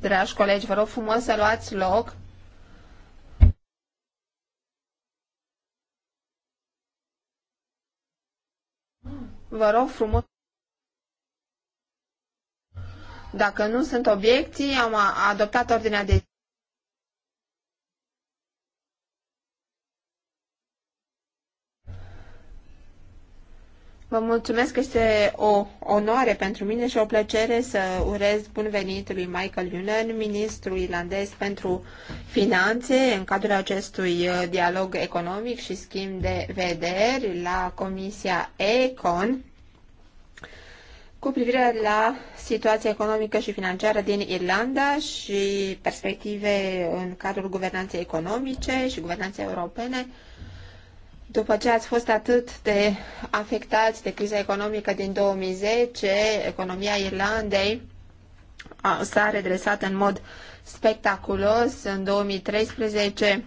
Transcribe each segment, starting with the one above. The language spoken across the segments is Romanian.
Dragi colegi, vă rog frumos să luați loc. Vă rog frumos. Dacă nu sunt obiecții, am adoptat ordinea de Vă mulțumesc că este o onoare pentru mine și o plăcere să urez bun venit lui Michael Lunen, ministru irlandez pentru finanțe, în cadrul acestui uh, dialog economic și schimb de vederi la Comisia Econ cu privire la situația economică și financiară din Irlanda și perspective în cadrul guvernanței economice și guvernanței europene după ce ați fost atât de afectați de criza economică din 2010, economia Irlandei s-a redresat în mod spectaculos. În 2013,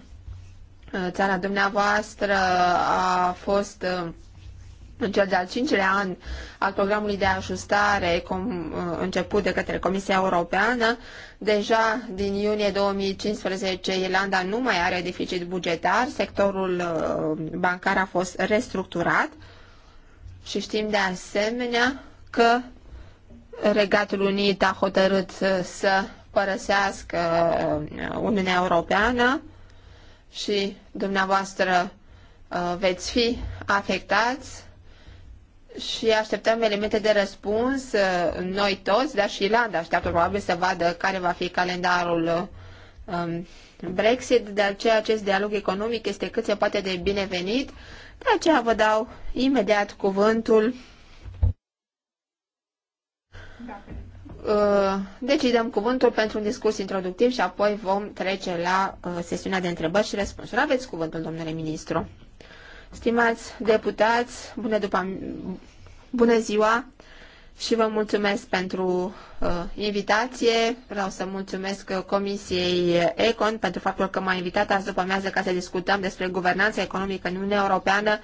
ă, țara dumneavoastră a fost ă, în cel de-al cincilea an al programului de ajustare com, uh, început de către Comisia Europeană, deja din iunie 2015 Irlanda nu mai are deficit bugetar, sectorul uh, bancar a fost restructurat și știm de asemenea că Regatul Unit a hotărât uh, să părăsească Uniunea Europeană și dumneavoastră veți fi afectați și așteptăm elemente de răspuns, uh, noi toți, dar și Irlanda așteaptă probabil să vadă care va fi calendarul um, Brexit, de aceea acest dialog economic este cât se poate de binevenit, de aceea vă dau imediat cuvântul. Uh, deci îi dăm cuvântul pentru un discurs introductiv și apoi vom trece la uh, sesiunea de întrebări și răspunsuri. Aveți cuvântul, domnule ministru. Stimați deputați, bună, după, bună ziua și vă mulțumesc pentru uh, invitație. Vreau să mulțumesc uh, Comisiei Econ pentru faptul că m-a invitat azi după amiază ca să discutăm despre guvernanța economică în Uniunea Europeană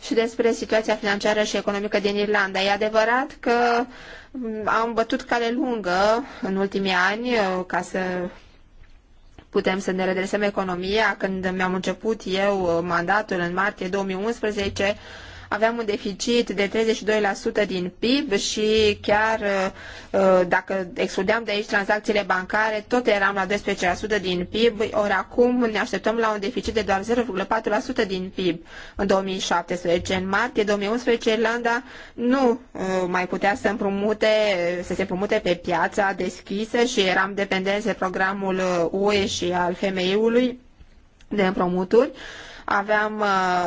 și despre situația financiară și economică din Irlanda. E adevărat că mm, am bătut cale lungă în ultimii ani uh, ca să putem să ne redresăm economia. Când mi-am început eu uh, mandatul în martie 2011, aveam un deficit de 32% din PIB și chiar uh, dacă excludeam de aici tranzacțiile bancare, tot eram la 12% din PIB, ori acum ne așteptăm la un deficit de doar 0,4% din PIB în 2017. În martie 2011 Irlanda nu uh, mai putea să împrumute, să se împrumute pe piața deschisă și eram dependenți de programul UE uh, și al FMI-ului de împrumuturi aveam uh,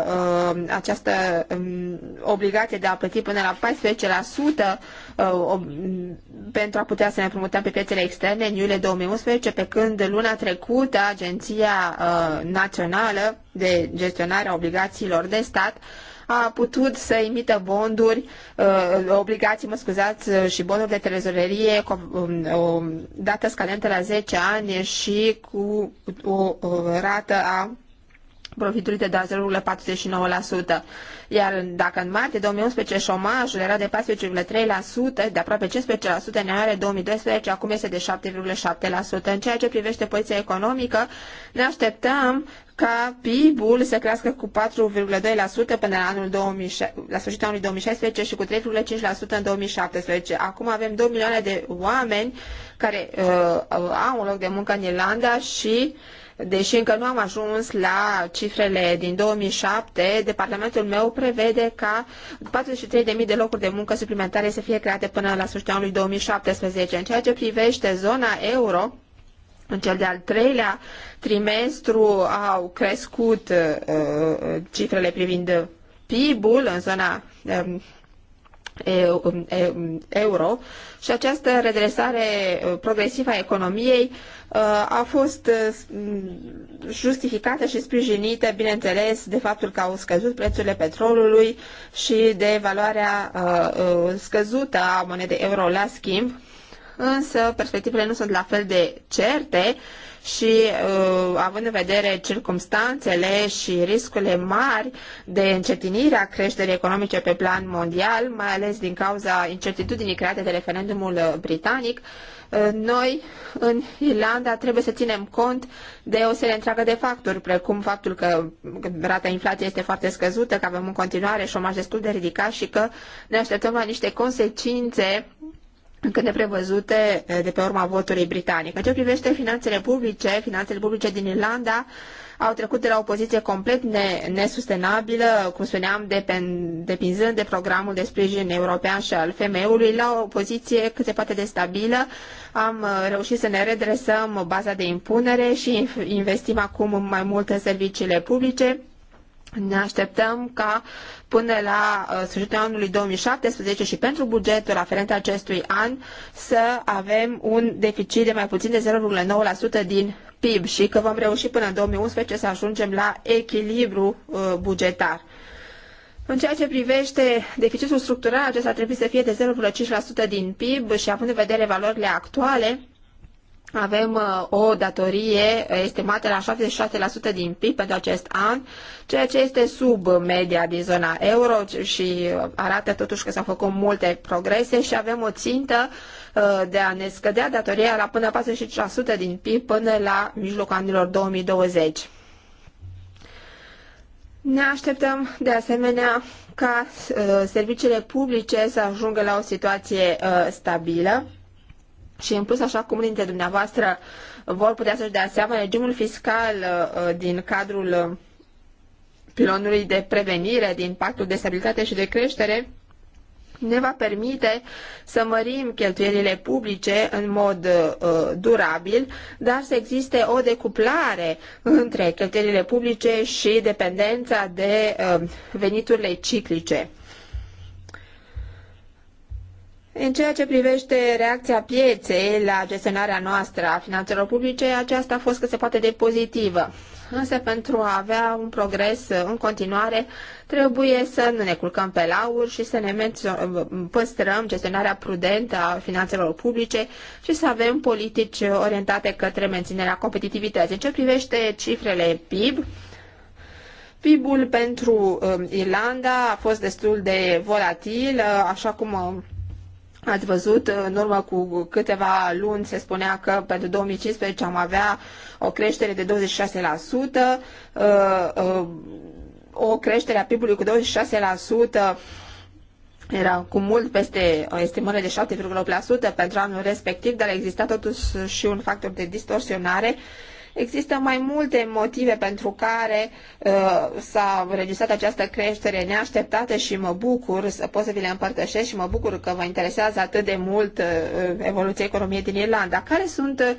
uh, această um, obligație de a plăti până la 14% uh, um, pentru a putea să ne promutăm pe piețele externe în iulie 2011, pe când luna trecută Agenția uh, Națională de Gestionare a Obligațiilor de Stat a putut să emită bonduri, uh, obligații, mă scuzați, uh, și bonuri de trezorerie cu um, o dată scadentă la 10 ani și cu o, o rată a Profiturile de 2,49%, iar dacă în martie 2011 șomajul era de 14,3%, de aproape 15% în ianuarie 2012, acum este de 7,7%. În ceea ce privește poziția economică, ne așteptăm ca PIB-ul să crească cu 4,2% până la, anul 2000, la sfârșitul anului 2016 și cu 3,5% în 2017. Acum avem 2 milioane de oameni care uh, au un loc de muncă în Irlanda și uh, Deși încă nu am ajuns la cifrele din 2007, departamentul meu prevede ca 43.000 de locuri de muncă suplimentare să fie create până la sfârșitul anului 2017. În ceea ce privește zona euro, în cel de-al treilea trimestru au crescut uh, uh cifrele privind PIB-ul în zona uh, Um, um, euro și această redresare uh, progresivă a economiei uh, a fost uh, justificată și sprijinită, bineînțeles, de faptul că au scăzut prețurile petrolului și de valoarea scăzută a monedei euro la schimb însă perspectivele nu sunt la fel de certe și uh, având în vedere circumstanțele și riscurile mari de încetinire a creșterii economice pe plan mondial, mai ales din cauza incertitudinii create de referendumul uh, britanic, uh, noi în Irlanda trebuie să ținem cont de o serie întreagă de factori, precum faptul că rata inflației este foarte scăzută, că avem în continuare șomaj destul de ridicat și că ne așteptăm la niște consecințe încă de prevăzute eh, de pe urma votului britanic. În ce privește finanțele publice, finanțele publice din Irlanda au trecut de la o poziție complet ne, nesustenabilă, cum spuneam, depen, depinzând de programul de sprijin european și al femeiului, la o poziție cât se poate de stabilă. Am eh, reușit să ne redresăm baza de impunere și investim acum mai mult în serviciile publice ne așteptăm ca până la uh, sfârșitul anului 2017 și pentru bugetul aferent acestui an să avem un deficit de mai puțin de 0,9% din PIB și că vom reuși până în 2011 să ajungem la echilibru uh, bugetar. În ceea ce privește deficitul structural, acesta trebuie să fie de 0,5% din PIB și având în vedere valorile actuale, avem uh, o datorie estimată la 76% din PIB pentru acest an, ceea ce este sub media din zona euro și uh, arată totuși că s-au făcut multe progrese și avem o țintă uh, de a ne scădea datoria la până 45% din PIB până la mijlocul anilor 2020. Ne așteptăm de asemenea ca serviciile publice să ajungă la o situație stabilă și în plus, așa cum unii dintre dumneavoastră vor putea să-și dea seama, regimul fiscal uh, din cadrul uh, pilonului de prevenire, din pactul de stabilitate și de creștere, ne va permite să mărim cheltuielile publice în mod uh, durabil, dar să existe o decuplare între cheltuielile publice și dependența de uh, veniturile ciclice. În ceea ce privește reacția pieței la gestionarea noastră a finanțelor publice, aceasta a fost cât se poate de pozitivă. Însă pentru a avea un progres în continuare, trebuie să nu ne culcăm pe lauri și să ne păstrăm gestionarea prudentă a finanțelor publice și să avem politici orientate către menținerea competitivității. În ce privește cifrele PIB, PIB-ul pentru um, Irlanda a fost destul de volatil, uh, așa cum um, Ați văzut, în urmă cu câteva luni se spunea că pentru 2015 am avea o creștere de 26%, uh, uh, o creștere a PIB-ului cu 26% era cu mult peste o estimare de 7,8% pentru anul respectiv, dar exista totuși și un factor de distorsionare uh, Există mai multe motive pentru care uh, s-a înregistrat această creștere neașteptată și mă bucur să pot să vi le împărtășesc și mă bucur că vă interesează atât de mult uh, evoluția economiei din Irlanda. Care sunt uh,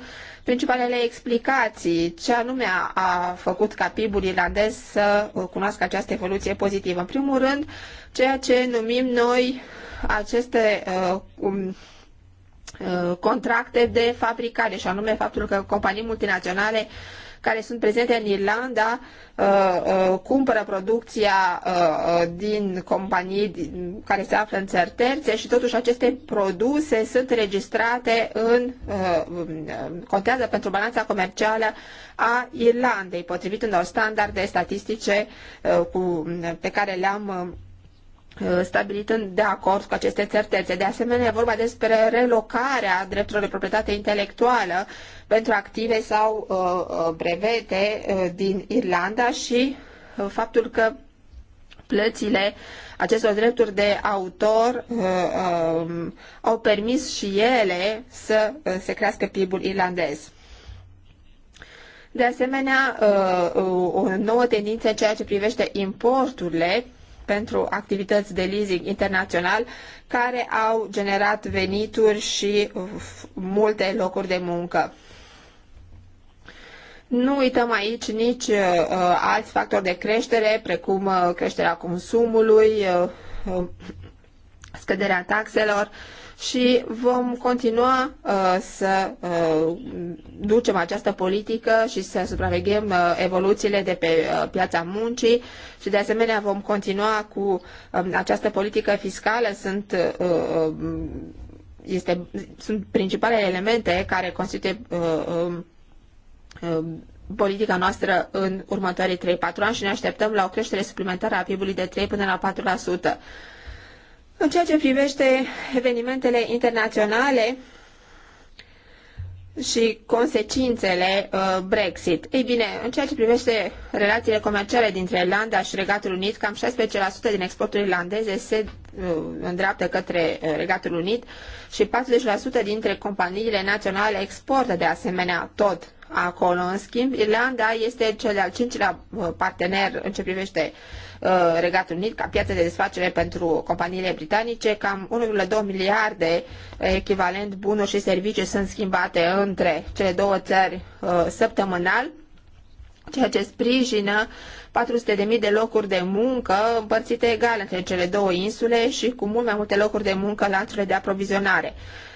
principalele explicații? Ce anume a, a făcut ca PIB-ul irlandez să uh, cunoască această evoluție pozitivă? În primul rând, ceea ce numim noi aceste uh, um, Uh, contracte de fabricare și anume faptul că companii multinaționale care sunt prezente în Irlanda uh, uh, cumpără producția din companii care se află în țări terțe și totuși aceste produse sunt registrate în, um, contează pentru balanța comercială a Irlandei, potrivit unor standarde statistice pe care le-am Uh, stabilit de acord cu aceste certețe. De asemenea, e vorba despre relocarea drepturilor de proprietate intelectuală pentru active sau uh, uh brevete uh, din Irlanda și uh, faptul că plățile acestor drepturi de autor uh, au permis și ele să se crească PIB-ul irlandez. De asemenea, o nouă tendință în ceea ce privește importurile pentru activități de leasing internațional care au generat venituri și multe locuri de muncă. Nu uităm aici nici uh, alți factori de creștere, precum uh, creșterea consumului, uh, uh scăderea taxelor, uh, și vom continua uh, să uh, ducem această politică și să supraveghem uh, evoluțiile de pe uh, piața muncii și de asemenea vom continua cu uh, această politică fiscală. Sunt uh, uh, este, sunt principalele elemente care constituie uh, um, uh, politica noastră în următorii 3-4 ani și ne așteptăm la o creștere suplimentară a PIB-ului de 3 până la 4%. În ceea ce privește evenimentele internaționale și consecințele uh, Brexit. Ei bine, în ceea ce privește relațiile comerciale dintre Irlanda și Regatul Unit, cam 16% din exporturile irlandeze se uh, îndreaptă către uh, Regatul Unit și 40% dintre companiile naționale exportă de asemenea tot acolo. În schimb, Irlanda este cel de-al cincilea partener în ce privește Uh, Regatul Unit ca piață de desfacere pentru companiile britanice. Cam 1,2 miliarde echivalent bunuri și servicii sunt schimbate între cele două țări uh, săptămânal ceea ce sprijină 400.000 de locuri de muncă împărțite egal între cele două insule și cu mult mai multe locuri de muncă în lanțurile de aprovizionare.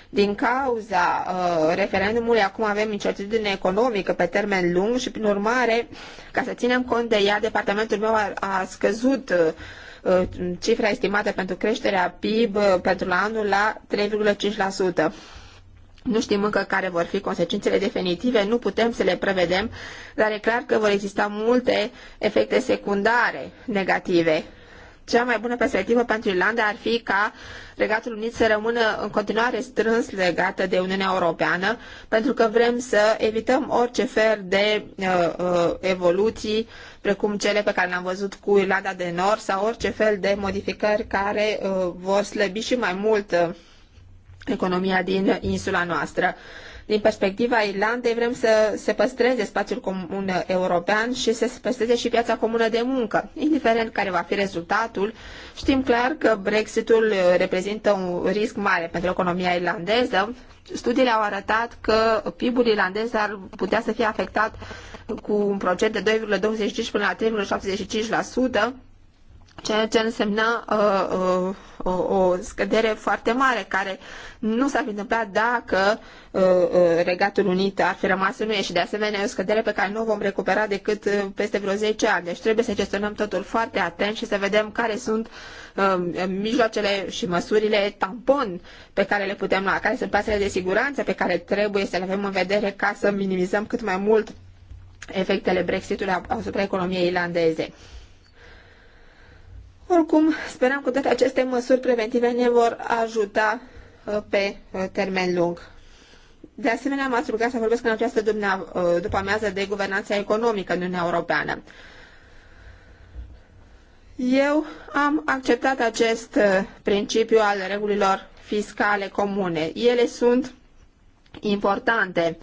Din cauza uh, referendumului acum avem incertitudine economică pe termen lung și prin urmare, ca să ținem cont de ea, departamentul meu a, a scăzut uh, uh cifra estimată pentru creșterea PIB uh, pentru anul la 3,5%. Nu știm încă care vor fi consecințele definitive, nu putem să le prevedem, dar e clar că vor exista multe efecte secundare negative cea mai bună perspectivă pentru Irlanda ar fi ca Regatul Unit să rămână în continuare strâns legată de Uniunea Europeană, pentru că vrem să evităm orice fel de uh, uh, evoluții, precum cele pe care le-am văzut cu Irlanda de Nord, sau orice fel de modificări care uh, vor slăbi și mai mult uh, economia din insula noastră. Din perspectiva Irlandei vrem să se păstreze spațiul comun european și să se păstreze și piața comună de muncă. Indiferent care va fi rezultatul, știm clar că Brexitul reprezintă un risc mare pentru economia irlandeză. Studiile au arătat că PIB-ul irlandez ar putea să fie afectat cu un procent de 2,25 până la 3,75%, ceea ce însemna uh, uh, o, o scădere foarte mare, care nu s-ar fi întâmplat dacă uh, uh, Regatul Unit ar fi rămas în UE și de asemenea e o scădere pe care nu o vom recupera decât uh, peste vreo 10 ani. Deci trebuie să gestionăm totul foarte atent și să vedem care sunt uh, mijloacele și măsurile tampon pe care le putem lua, care sunt pasele de siguranță pe care trebuie să le avem în vedere ca să minimizăm cât mai mult efectele Brexitului asupra economiei irlandeze. Oricum, sperăm că toate aceste măsuri preventive ne vor ajuta uh, pe uh, termen lung. De asemenea, m-ați rugat să vorbesc în această uh, după amiază de guvernanța economică în Uniunea Europeană. Eu am acceptat acest principiu al regulilor fiscale comune. Ele sunt importante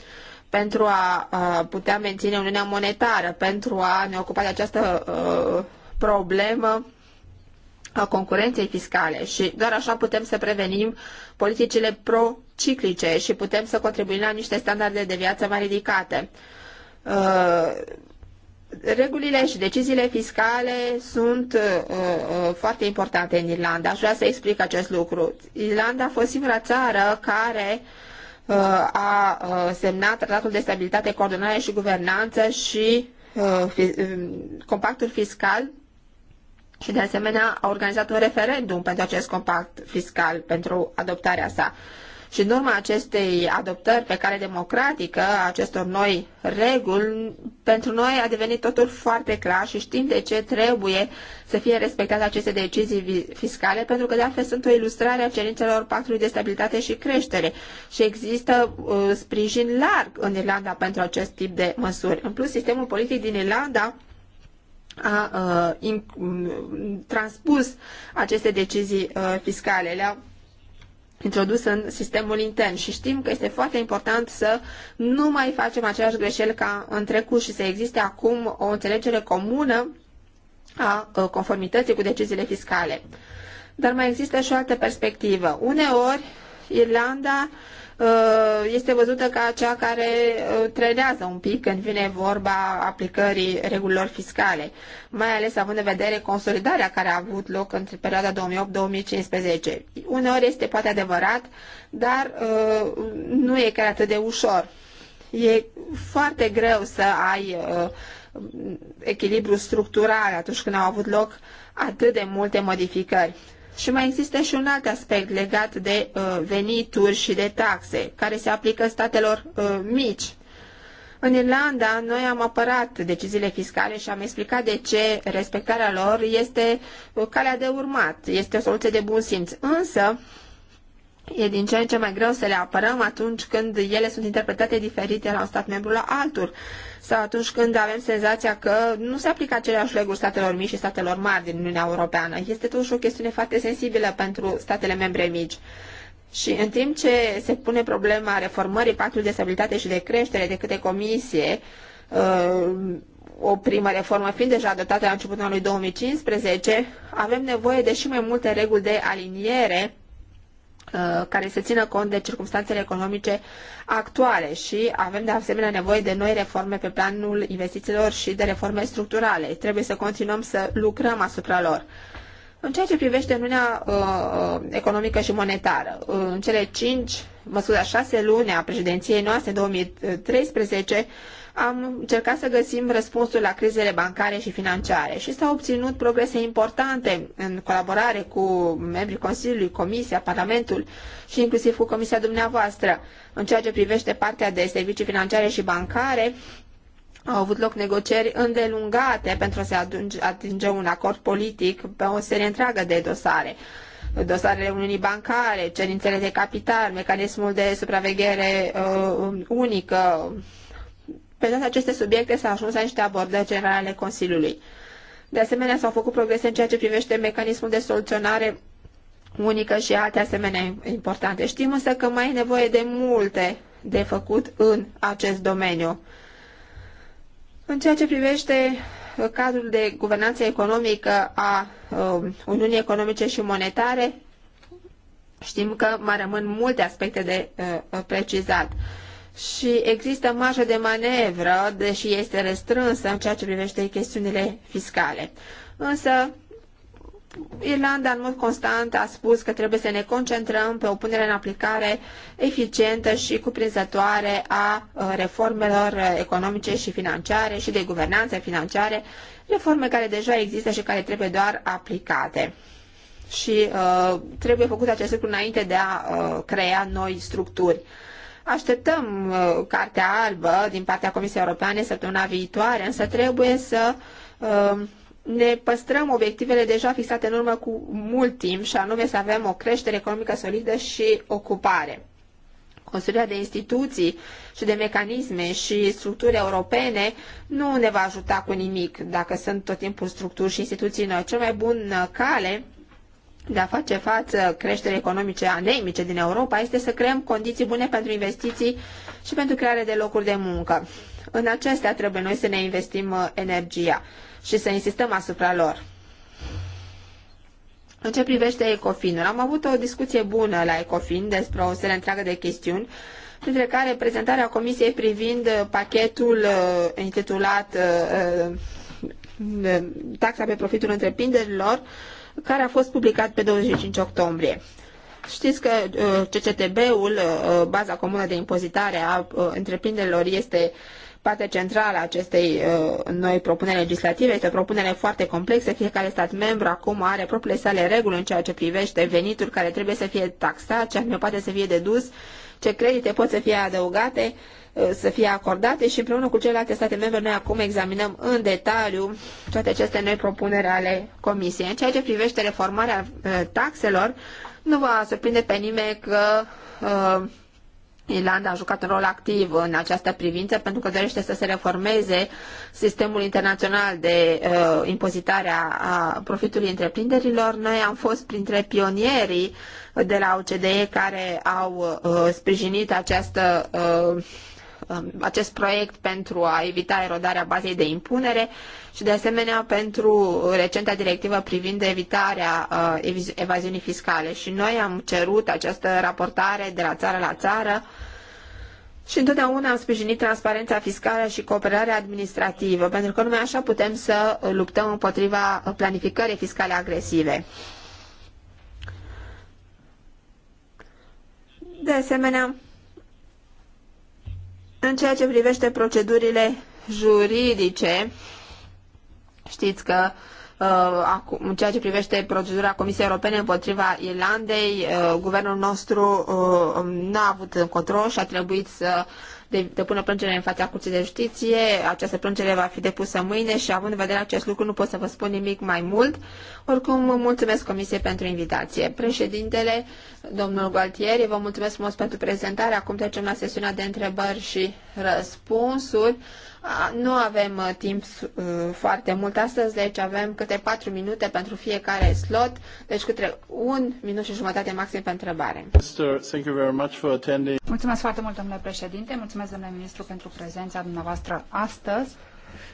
pentru a putea menține Uniunea Monetară, pentru a ne ocupa de această problemă a concurenței fiscale și doar așa putem să prevenim politicile prociclice și putem să contribuim la niște standarde de viață mai ridicate. Uh, regulile și deciziile fiscale sunt uh, uh foarte importante în Irlanda. Aș vrea să explic acest lucru. Irlanda a fost singura țară care uh, a uh, semnat Tratatul de Stabilitate, Coordonare și Guvernanță și uh, um, compactul fiscal și de asemenea a organizat un referendum pentru acest compact fiscal, pentru adoptarea sa. Și în urma acestei adoptări pe care democratică a acestor noi reguli, pentru noi a devenit totul foarte clar și știm de ce trebuie să fie respectate aceste decizii fiscale, pentru că de altfel sunt o ilustrare a cerințelor Pactului de Stabilitate și Creștere și există uh, sprijin larg în Irlanda pentru acest tip de măsuri. În plus, sistemul politic din Irlanda a, in, transpus aceste decizii a, fiscale, le-a introdus în sistemul intern și știm că este foarte important să nu mai facem aceeași greșeli ca în trecut și să existe acum o înțelegere comună a, a conformității cu deciziile fiscale. Dar mai există și o altă perspectivă. Uneori, Irlanda uh, Uh, este văzută ca cea care uh, trădează un pic când vine vorba aplicării regulilor fiscale, mai ales având în vedere consolidarea care a avut loc între perioada 2008-2015. Uneori este poate adevărat, dar uh, nu e chiar atât de ușor. E foarte greu să ai echilibru structural atunci când au avut loc atât de multe modificări. Și mai există și un alt aspect legat de uh, venituri și de taxe, care se aplică statelor uh, mici. În Irlanda, noi am apărat deciziile fiscale și am explicat de ce respectarea lor este uh, calea de urmat, este o soluție de bun simț. Însă, E din ce în ce mai greu să le apărăm atunci când ele sunt interpretate diferite la un stat membru la altul sau atunci când avem senzația că nu se aplică aceleași reguli statelor mici și statelor mari din Uniunea Europeană. Este totuși o chestiune foarte sensibilă pentru statele membre mici. Și în timp ce se pune problema reformării pactului de stabilitate și de creștere de câte comisie, uh, o primă reformă fiind deja adoptată la începutul anului 2015, avem nevoie de și mai multe reguli de aliniere Uh, care să țină cont de circumstanțele economice actuale și avem de asemenea nevoie de noi reforme pe planul investițiilor și de reforme structurale. Trebuie să continuăm să lucrăm asupra lor. În ceea ce privește Uniunea uh, uh Economică și Monetară, uh, în cele cinci, măsura șase luni a președinției noastre 2013, am încercat să găsim răspunsul la crizele bancare și financiare și s-au obținut progrese importante în colaborare cu membrii Consiliului, Comisia, Parlamentul și inclusiv cu Comisia dumneavoastră. În ceea ce privește partea de servicii financiare și bancare, au avut loc negocieri îndelungate pentru a se adunge, atinge un acord politic pe o serie întreagă de dosare dosarele Uniunii Bancare, cerințele de capital, mecanismul de supraveghere uh, unică, pe toate aceste subiecte s-a ajuns la niște abordări generale ale Consiliului. De asemenea, s-au făcut progrese în ceea ce privește mecanismul de soluționare unică și alte asemenea importante. Știm însă că mai e nevoie de multe de făcut în acest domeniu. În ceea ce privește uh, cadrul de guvernanță economică a um, Uniunii Economice și Monetare, știm că mai rămân multe aspecte de uh, precizat și există marjă de manevră, deși este restrânsă în ceea ce privește chestiunile fiscale. Însă, Irlanda în mod constant a spus că trebuie să ne concentrăm pe o punere în aplicare eficientă și cuprinzătoare a reformelor economice și financiare și de guvernanță financiare, reforme care deja există și care trebuie doar aplicate. Și uh, trebuie făcut acest lucru înainte de a uh, crea noi structuri Așteptăm uh, cartea albă din partea Comisiei Europene săptămâna viitoare, însă trebuie să uh, ne păstrăm obiectivele deja fixate în urmă cu mult timp și anume să avem o creștere economică solidă și ocupare. Construirea de instituții și de mecanisme și structuri europene nu ne va ajuta cu nimic dacă sunt tot timpul structuri și instituții noi. Cel mai bun cale de a face față creșterii economice anemice din Europa este să creăm condiții bune pentru investiții și pentru crearea de locuri de muncă. În acestea trebuie noi să ne investim uh, energia și să insistăm asupra lor. În ce privește Ecofinul, am avut o discuție bună la Ecofin despre o serie întreagă de chestiuni, printre care prezentarea Comisiei privind uh, pachetul uh, intitulat Taxa pe profitul întreprinderilor, uh, care a fost publicat pe 25 octombrie. Știți că uh, CCTB-ul, uh, baza comună de impozitare a uh, întreprinderilor, este partea centrală a acestei noi propuneri legislative. Este o propunere foarte complexă. Fiecare stat membru acum are propriile sale reguli în ceea ce privește venituri care trebuie să fie taxat, ce anume poate să fie dedus, ce credite pot să fie adăugate. Uh, să fie acordate și împreună cu celelalte state membre noi acum examinăm în detaliu toate aceste noi propuneri ale Comisiei. În ceea ce privește reformarea uh, taxelor, nu va surprinde pe nimeni că uh, Irlanda a jucat un rol activ în această privință pentru că dorește să se reformeze sistemul internațional de uh, impozitare a profitului întreprinderilor. Noi am fost printre pionierii de la OCDE care au uh, sprijinit această uh, Um, acest proiect pentru a evita erodarea bazei de impunere și de asemenea pentru recenta directivă privind evitarea uh, evaziunii fiscale. Și noi am cerut această raportare de la țară la țară și întotdeauna am sprijinit transparența fiscală și cooperarea administrativă, pentru că numai așa putem să luptăm împotriva planificării fiscale agresive. De asemenea, în ceea ce privește procedurile juridice, știți că uh, în ceea ce privește procedura Comisiei Europene împotriva Irlandei, uh, guvernul nostru uh, n-a avut control și a trebuit să depună plângere în fața Curții de Justiție. Această plângere va fi depusă mâine și având în vedere acest lucru nu pot să vă spun nimic mai mult. Oricum, mulțumesc Comisiei pentru invitație. Președintele, domnul Gualtieri, vă mulțumesc frumos pentru prezentare. Acum trecem la sesiunea de întrebări și răspunsuri. Nu avem uh, timp uh, foarte mult astăzi, deci avem câte 4 minute pentru fiecare slot, deci câte un minut și jumătate maxim pentru întrebare. Mulțumesc foarte mult, domnule președinte, mulțumesc, domnule ministru, pentru prezența dumneavoastră astăzi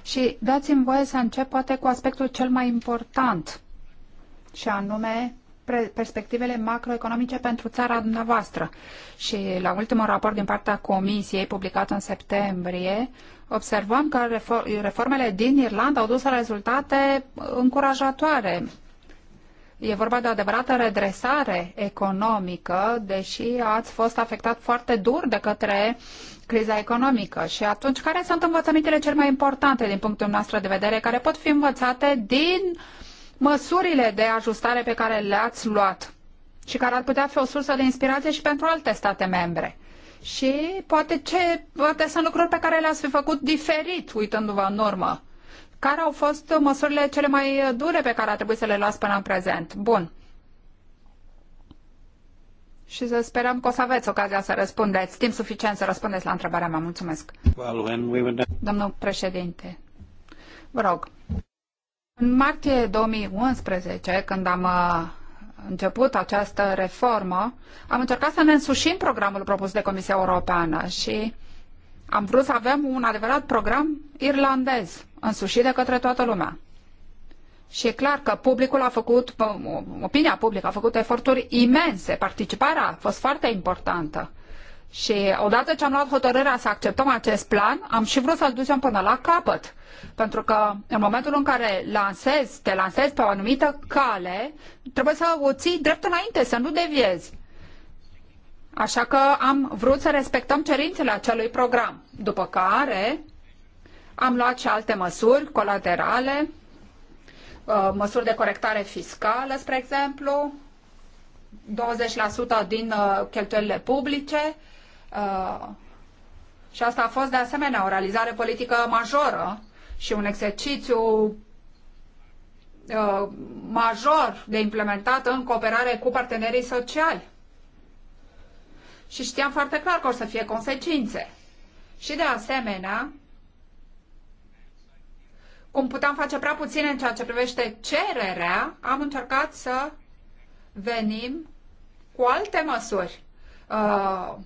și dați-mi voie să încep poate cu aspectul cel mai important și anume perspectivele macroeconomice pentru țara dumneavoastră. Și la ultimul raport din partea Comisiei, publicat în septembrie, observăm că reformele din Irlanda au dus la rezultate încurajatoare. E vorba de o adevărată redresare economică, deși ați fost afectat foarte dur de către criza economică. Și atunci, care sunt învățămintele cele mai importante din punctul nostru de vedere, care pot fi învățate din uh, măsurile de ajustare pe care le-ați luat și care ar putea fi o sursă de inspirație și pentru alte state membre. Și poate, ce, poate sunt lucruri pe care le-ați fi făcut diferit uitându-vă în urmă. Care au fost măsurile cele mai dure pe care a trebuit să le luați până în prezent? Bun. Și să sperăm că o să aveți ocazia să răspundeți, timp suficient să răspundeți la întrebarea mea. Mulțumesc. Well, Domnul președinte, vă rog, în martie 2011, când am uh, început această reformă, am încercat să ne însușim programul propus de Comisia Europeană și am vrut să avem un adevărat program irlandez, însușit de către toată lumea. Și e clar că publicul a făcut, opinia publică a făcut eforturi imense, participarea a fost foarte importantă. Și odată ce am luat hotărârea să acceptăm acest plan, am și vrut să-l ducem până la capăt. Pentru că în momentul în care lansezi, te lansezi pe o anumită cale, trebuie să o ții drept înainte, să nu deviezi. Așa că am vrut să respectăm cerințele acelui program, după care am luat și alte măsuri colaterale, uh, măsuri de corectare fiscală, spre exemplu, 20% din uh, cheltuielile publice, Uh, și asta a fost de asemenea o realizare politică majoră și un exercițiu uh, major de implementat în cooperare cu partenerii sociali. Și știam foarte clar că o să fie consecințe. Și de asemenea, cum puteam face prea puțin în ceea ce privește cererea, am încercat să venim cu alte măsuri. Uh,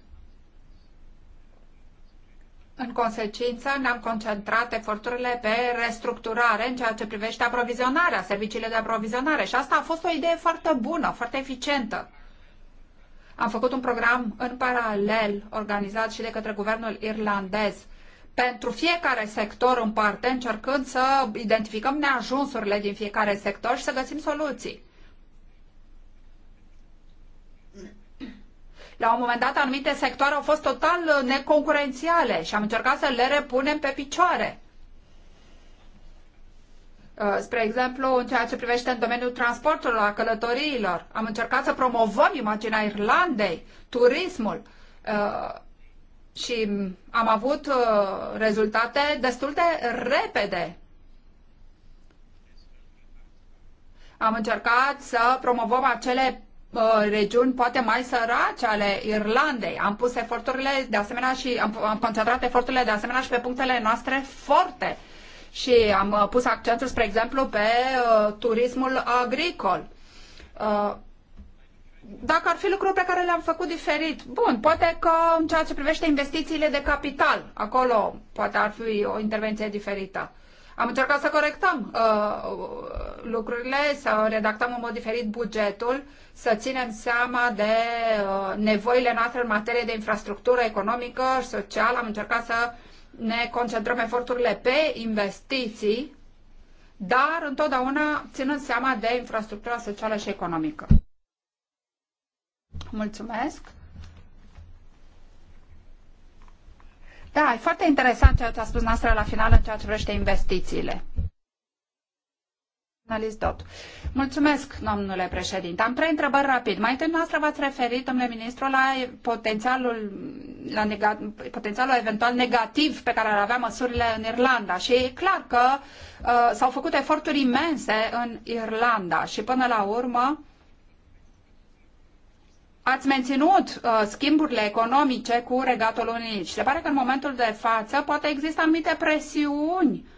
în consecință, ne-am concentrat eforturile pe restructurare în ceea ce privește aprovizionarea, serviciile de aprovizionare. Și asta a fost o idee foarte bună, foarte eficientă. Am făcut un program în paralel, organizat și de către guvernul irlandez, pentru fiecare sector în parte, încercând să identificăm neajunsurile din fiecare sector și să găsim soluții. la un moment dat anumite sectoare au fost total uh, neconcurențiale și am încercat să le repunem pe picioare. Uh, spre exemplu, în ceea ce privește în domeniul transporturilor, a călătoriilor, am încercat să promovăm imaginea Irlandei, turismul uh, și am avut rezultate destul de repede. Am încercat să promovăm acele Uh, regiuni poate mai sărace ale Irlandei. Am pus eforturile de asemenea și am, am concentrat eforturile de asemenea și pe punctele noastre forte și am uh, pus accentul, spre exemplu, pe uh, turismul agricol. Uh, dacă ar fi lucruri pe care le-am făcut diferit, bun, poate că în ceea ce privește investițiile de capital, acolo poate ar fi o intervenție diferită. Am încercat să corectăm uh, lucrurile, să redactăm în mod diferit bugetul, să ținem seama de uh, nevoile noastre în materie de infrastructură economică și socială. Am încercat să ne concentrăm eforturile pe investiții, dar întotdeauna ținând seama de infrastructura socială și economică. Mulțumesc! Da, e foarte interesant ceea ce a spus noastră la final în ceea ce privește investițiile. Analiz Mulțumesc, domnule președinte. Am trei întrebări rapid. Mai întâi noastră v-ați referit, domnule ministru, la potențialul, la nega, potențialul eventual negativ pe care ar avea măsurile în Irlanda. Și e clar că uh, s-au făcut eforturi imense în Irlanda și până la urmă ați menținut uh, schimburile economice cu Regatul Unit. Se pare că în momentul de față poate există anumite presiuni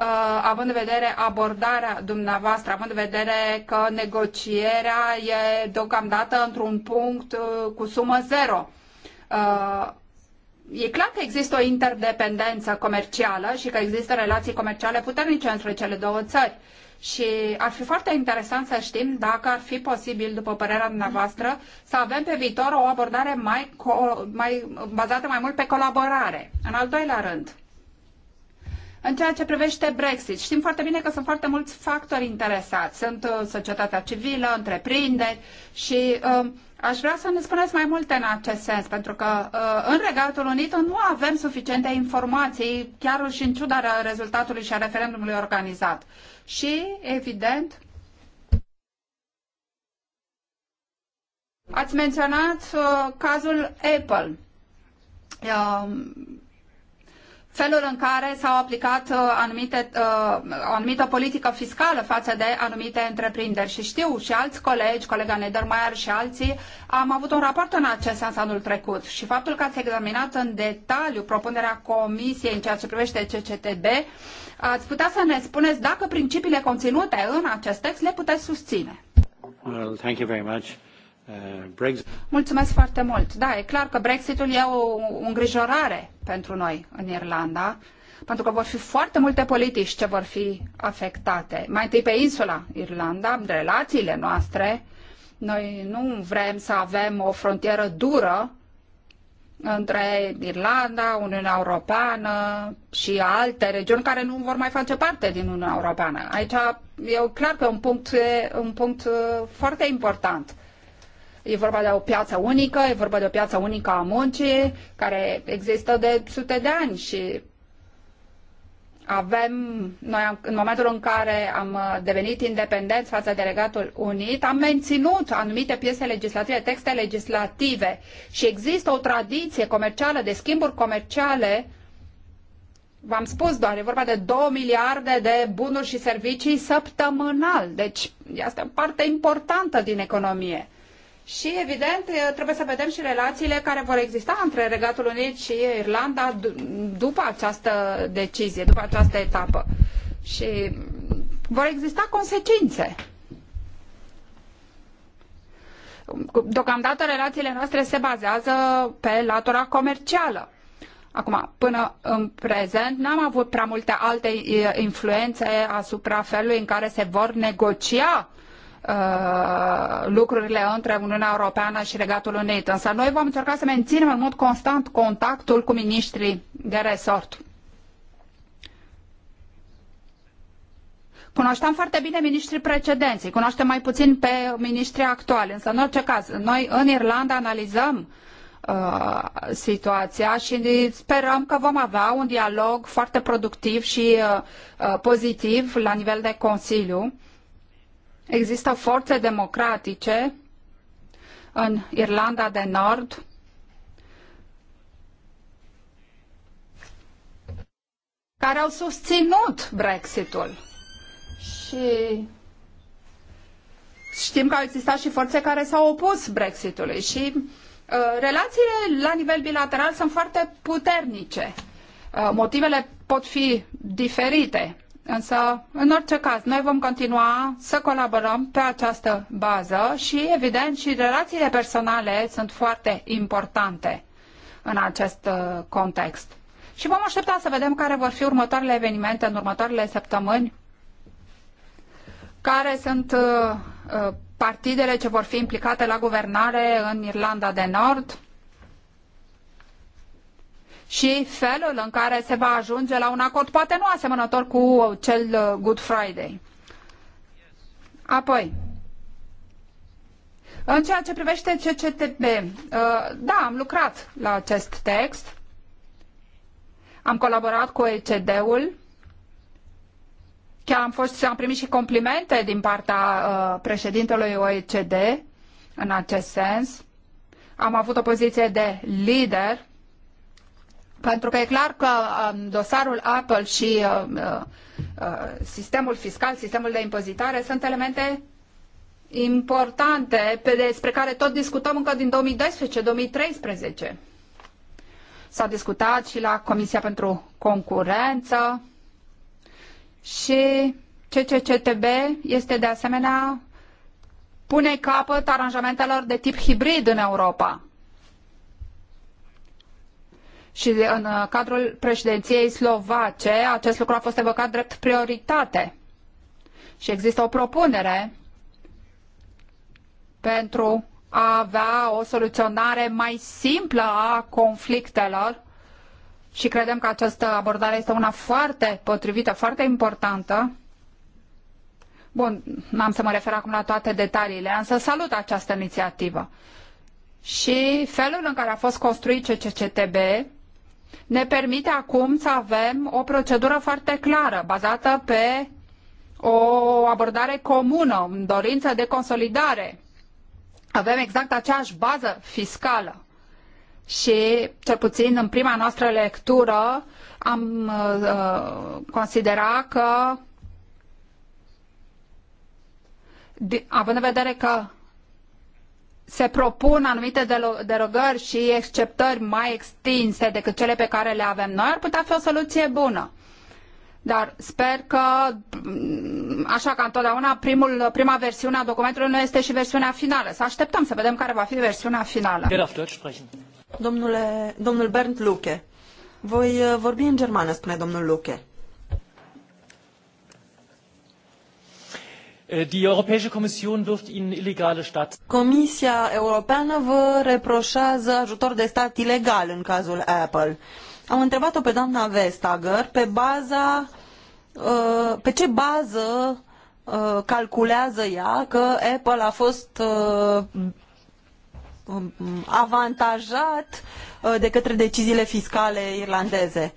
Uh, având în vedere abordarea dumneavoastră, având în vedere că negocierea e deocamdată într-un punct uh, cu sumă zero. Uh, e clar că există o interdependență comercială și că există relații comerciale puternice între cele două țări. Și ar fi foarte interesant să știm dacă ar fi posibil, după părerea dumneavoastră, să avem pe viitor o abordare mai, mai bazată mai mult pe colaborare. În al doilea rând, în ceea ce privește Brexit, știm foarte bine că sunt foarte mulți factori interesați. Sunt uh, societatea civilă, întreprinderi și uh, aș vrea să ne spuneți mai multe în acest sens, pentru că uh, în Regatul Unit nu avem suficiente informații, chiar și în ciuda rezultatului și a referendumului organizat. Și, evident, ați menționat uh, cazul Apple. Uh, felul în care s-au aplicat uh, anumite, uh, o anumită politică fiscală față de anumite întreprinderi. Și știu și alți colegi, colega Nedermayer și alții, am avut un raport în acest sens anul trecut și faptul că ați examinat în detaliu propunerea Comisiei în ceea ce privește CCTB, ați putea să ne spuneți dacă principiile conținute în acest text le puteți susține. Well, thank you very much. Uh, Brexit. Mulțumesc foarte mult. Da, e clar că Brexitul e o îngrijorare pentru noi în Irlanda, pentru că vor fi foarte multe politici ce vor fi afectate. Mai întâi pe insula Irlanda, relațiile noastre. Noi nu vrem să avem o frontieră dură între Irlanda, Uniunea Europeană și alte regiuni care nu vor mai face parte din Uniunea Europeană. Aici e clar că e un punct, un punct uh, foarte important E vorba de o piață unică, e vorba de o piață unică a muncii, care există de sute de ani și avem, noi am, în momentul în care am uh, devenit independenți față de Regatul Unit, am menținut anumite piese legislative, texte legislative și există o tradiție comercială, de schimburi comerciale v-am spus doar, e vorba de 2 miliarde de bunuri și servicii săptămânal. Deci, asta e o parte importantă din economie. Și, evident, trebuie să vedem și relațiile care vor exista între Regatul Unit și Irlanda după această decizie, după această etapă. Și vor exista consecințe. Deocamdată relațiile noastre se bazează pe latura comercială. Acum, până în prezent, n-am avut prea multe alte influențe asupra felului în care se vor negocia uh, Uh, lucrurile între Uniunea Europeană și Regatul Unit. Însă noi vom încerca să menținem în mod constant contactul cu ministrii de resort. Cunoșteam foarte bine ministrii precedenții, cunoaștem mai puțin pe ministrii actuali, însă în orice caz, noi în Irlanda analizăm uh, situația și sperăm că vom avea un dialog foarte productiv și uh, uh pozitiv la nivel de Consiliu Există forțe democratice în Irlanda de Nord care au susținut Brexitul. Și știm că au existat și forțe care s-au opus Brexitului și uh, relațiile la nivel bilateral sunt foarte puternice. Uh, motivele pot fi diferite. Însă, în orice caz, noi vom continua să colaborăm pe această bază și, evident, și relațiile personale sunt foarte importante în acest uh, context. Și vom aștepta să vedem care vor fi următoarele evenimente în următoarele săptămâni, care sunt uh, uh, partidele ce vor fi implicate la guvernare în Irlanda de Nord, și felul în care se va ajunge la un acord, poate nu asemănător cu cel uh, Good Friday. Apoi, în ceea ce privește CCTB, uh, da, am lucrat la acest text, am colaborat cu ecd ul chiar am, fost, am primit și complimente din partea uh, președintelui OECD în acest sens. Am avut o poziție de lider pentru că e clar că um, dosarul Apple și uh, uh, uh, sistemul fiscal, sistemul de impozitare sunt elemente importante despre care tot discutăm încă din 2012-2013. S-a discutat și la Comisia pentru Concurență și CCCTB este de asemenea pune capăt aranjamentelor de tip hibrid în Europa și în uh, cadrul președinției slovace acest lucru a fost evocat drept prioritate. Și există o propunere pentru a avea o soluționare mai simplă a conflictelor și credem că această abordare este una foarte potrivită, foarte importantă. Bun, n-am să mă refer acum la toate detaliile, însă salut această inițiativă. Și felul în care a fost construit CCCTB ne permite acum să avem o procedură foarte clară, bazată pe o abordare comună, în dorință de consolidare. Avem exact aceeași bază fiscală și, cel puțin în prima noastră lectură, am uh, considerat că, având în vedere că se propun anumite derogări și exceptări mai extinse decât cele pe care le avem noi, ar putea fi o soluție bună. Dar sper că, mm, așa ca întotdeauna, primul, prima versiune a documentului nu este și versiunea finală. Să așteptăm să vedem care va fi versiunea finală. Domnule, domnul Bernd Luke, voi uh, vorbi în germană, spune domnul Luke. Äh, die Europäische wirft Ihnen illegale Comisia Europeană vă reproșează ajutor de stat ilegal în cazul Apple. Am întrebat-o pe doamna Vestager pe baza uh, pe ce bază uh, calculează ea că Apple a fost uh, um, avantajat de către deciziile fiscale irlandeze.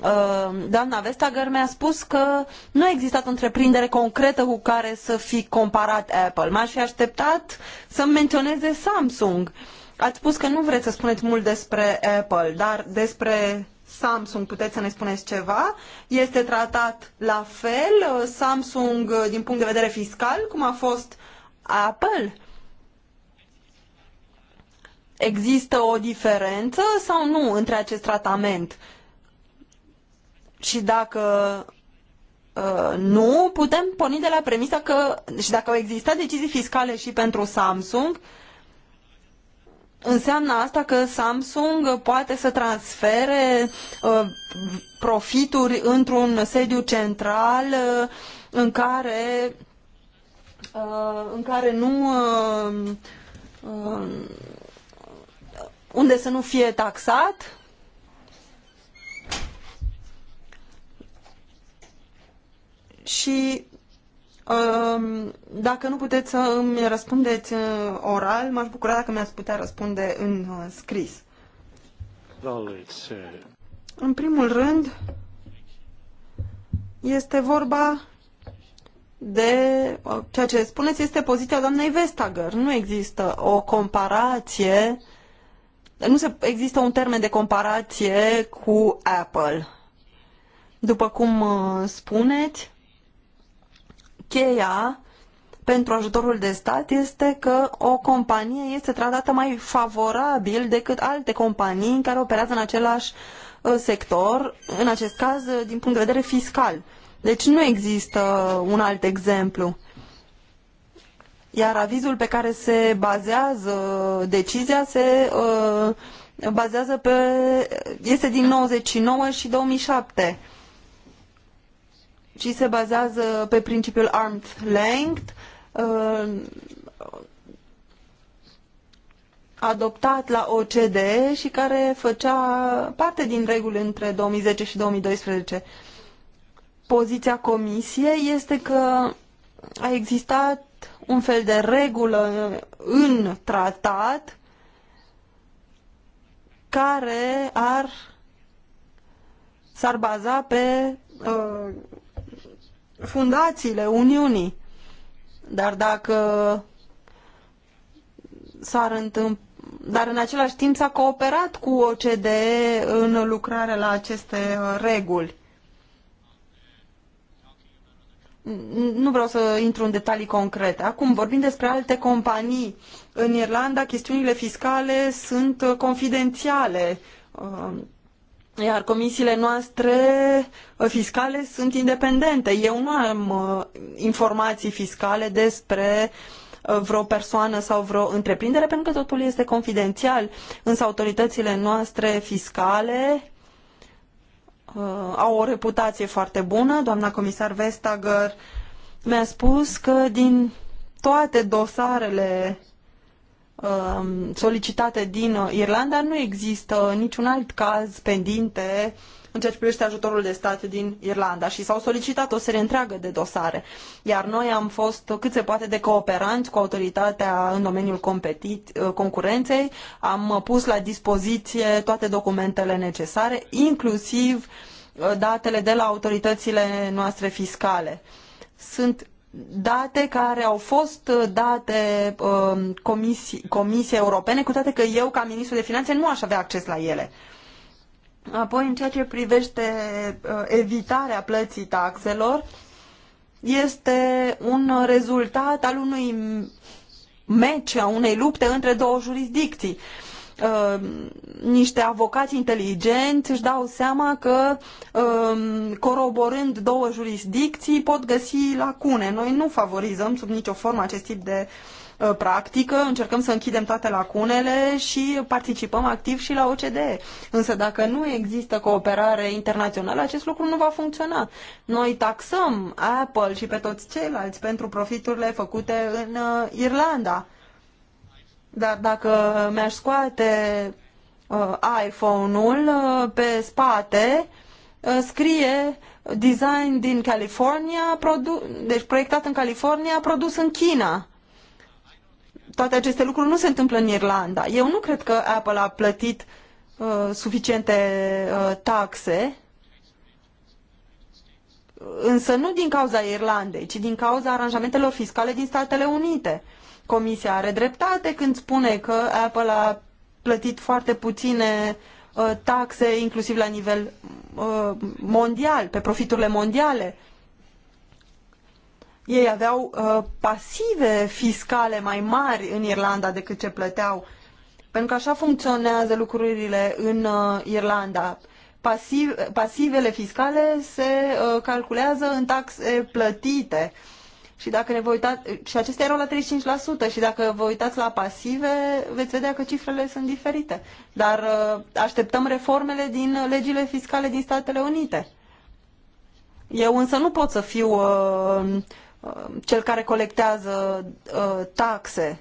Uh, doamna Vestager mi-a spus că nu a existat o întreprindere concretă cu care să fi comparat Apple. M-aș fi așteptat să-mi menționeze Samsung. Ați spus că nu vreți să spuneți mult despre Apple, dar despre Samsung puteți să ne spuneți ceva? Este tratat la fel uh, Samsung uh, din punct de vedere fiscal cum a fost Apple? Există o diferență sau nu între acest tratament? Uh, și dacă uh, nu, putem porni de la premisa că și dacă au existat decizii fiscale și pentru Samsung, înseamnă asta că Samsung poate să transfere uh, profituri într-un sediu central uh, în care uh, în care nu uh, uh, unde să nu fie taxat Și um, dacă nu puteți să îmi răspundeți uh, oral, m-aș bucura dacă mi-ați putea răspunde în uh, scris. Uh, în primul rând, este vorba de ceea ce spuneți este poziția doamnei Vestager. Nu există o comparație, nu se, există un termen de comparație cu Apple. După cum spuneți, cheia pentru ajutorul de stat este că o companie este tratată mai favorabil decât alte companii care operează în același uh, sector, în acest caz uh, din punct de vedere fiscal. Deci nu există un alt exemplu. Iar avizul pe care se bazează uh, decizia se bazează pe este din 99 și 2007 și se bazează pe principiul armed length uh, adoptat la OCDE și care făcea parte din reguli între 2010 și 2012. Poziția comisiei este că a existat un fel de regulă în tratat care ar s-ar baza pe uh, fundațiile Uniunii. Dar dacă s-ar întâmpla dar în același timp s-a cooperat cu OCDE în lucrarea la aceste uh, reguli. Nu vreau să intru în detalii concrete. Acum, vorbim despre alte companii. În Irlanda, chestiunile fiscale sunt uh, confidențiale. Uh, iar comisiile noastre uh, fiscale sunt independente. Eu nu am uh, informații fiscale despre uh, vreo persoană sau vreo întreprindere, pentru că totul este confidențial. Însă autoritățile noastre fiscale uh, au o reputație foarte bună. Doamna comisar Vestager mi-a spus că din toate dosarele Um, solicitate din Irlanda, nu există niciun alt caz pendinte în ceea ce privește ajutorul de stat din Irlanda și s-au solicitat o serie întreagă de dosare. Iar noi am fost cât se poate de cooperanți cu autoritatea în domeniul competit, uh, concurenței, am pus la dispoziție toate documentele necesare, inclusiv uh, datele de la autoritățile noastre fiscale. Sunt date care au fost uh, date uh, comisii, comisie europene, cu toate că eu, ca ministru de finanțe, nu aș avea acces la ele. Apoi, în ceea ce privește uh, evitarea plății taxelor, este un rezultat al unui meci, a unei lupte între două jurisdicții. Uh, niște avocați inteligenți își dau seama că um, coroborând două jurisdicții pot găsi lacune. Noi nu favorizăm sub nicio formă acest tip de uh, practică, încercăm să închidem toate lacunele și participăm activ și la OCDE. Însă dacă nu există cooperare internațională, acest lucru nu va funcționa. Noi taxăm Apple și pe toți ceilalți pentru profiturile făcute în uh, Irlanda dar dacă mi-aș scoate uh, iPhone-ul uh, pe spate, uh, scrie design din California, deci proiectat în California, produs în China. Toate aceste lucruri nu se întâmplă în Irlanda. Eu nu cred că Apple a plătit uh, suficiente uh, taxe, însă nu din cauza Irlandei, ci din cauza aranjamentelor fiscale din Statele Unite. Comisia are dreptate când spune că Apple a plătit foarte puține uh, taxe, inclusiv la nivel uh, mondial, pe profiturile mondiale. Ei aveau uh, pasive fiscale mai mari în Irlanda decât ce plăteau. Pentru că așa funcționează lucrurile în Irlanda. Pasiv, pasivele fiscale se calculează în taxe plătite și dacă ne vă uita, și acestea erau la 35% și dacă vă uitați la pasive, veți vedea că cifrele sunt diferite. Dar uh, așteptăm reformele din legile fiscale din Statele Unite. Eu însă nu pot să fiu uh, uh, cel care colectează uh, taxe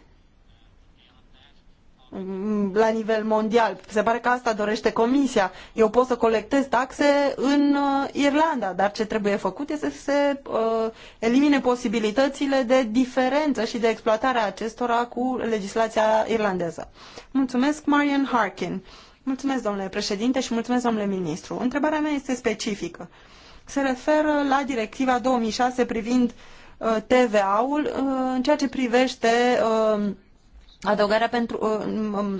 Mm, la nivel mondial. Se pare că asta dorește Comisia. Eu pot să colectez taxe în uh, Irlanda, dar ce trebuie făcut este să se uh, elimine posibilitățile de diferență și de exploatare a acestora cu legislația irlandeză. Mulțumesc, Marian Harkin. Mulțumesc, domnule președinte, și mulțumesc, domnule ministru. Întrebarea mea este specifică. Se referă la directiva 2006 privind uh, TVA-ul uh, în ceea ce privește uh, adăugarea pentru uh,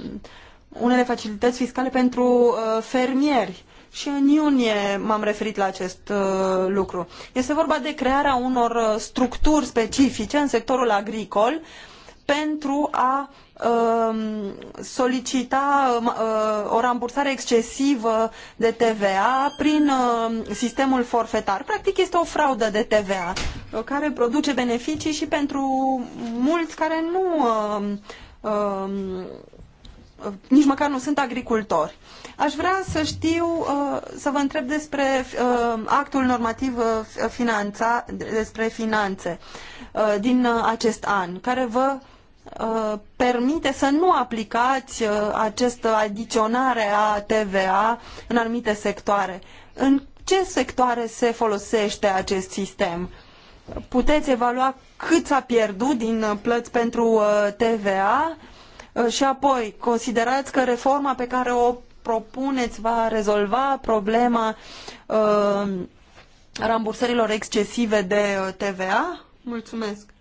unele facilități fiscale pentru uh, fermieri. Și în iunie m-am referit la acest uh, lucru. Este vorba de crearea unor structuri specifice în sectorul agricol pentru a um, solicita o rambursare excesivă de TVA prin sistemul forfetar. Practic este o fraudă de TVA care produce beneficii și pentru mulți care nu Um, uh, nici măcar nu sunt agricultori. Aș vrea să știu, uh, să vă întreb despre uh, actul normativ finanța, despre finanțe din acest an, care vă permite să nu aplicați această adiționare a TVA în anumite sectoare. În ce sectoare se folosește acest sistem? Uh, puteți evalua cât s-a pierdut din uh, plăți pentru uh, TVA uh, și apoi considerați că reforma pe care o propuneți va rezolva problema rambursărilor excesive de TVA? Mulțumesc!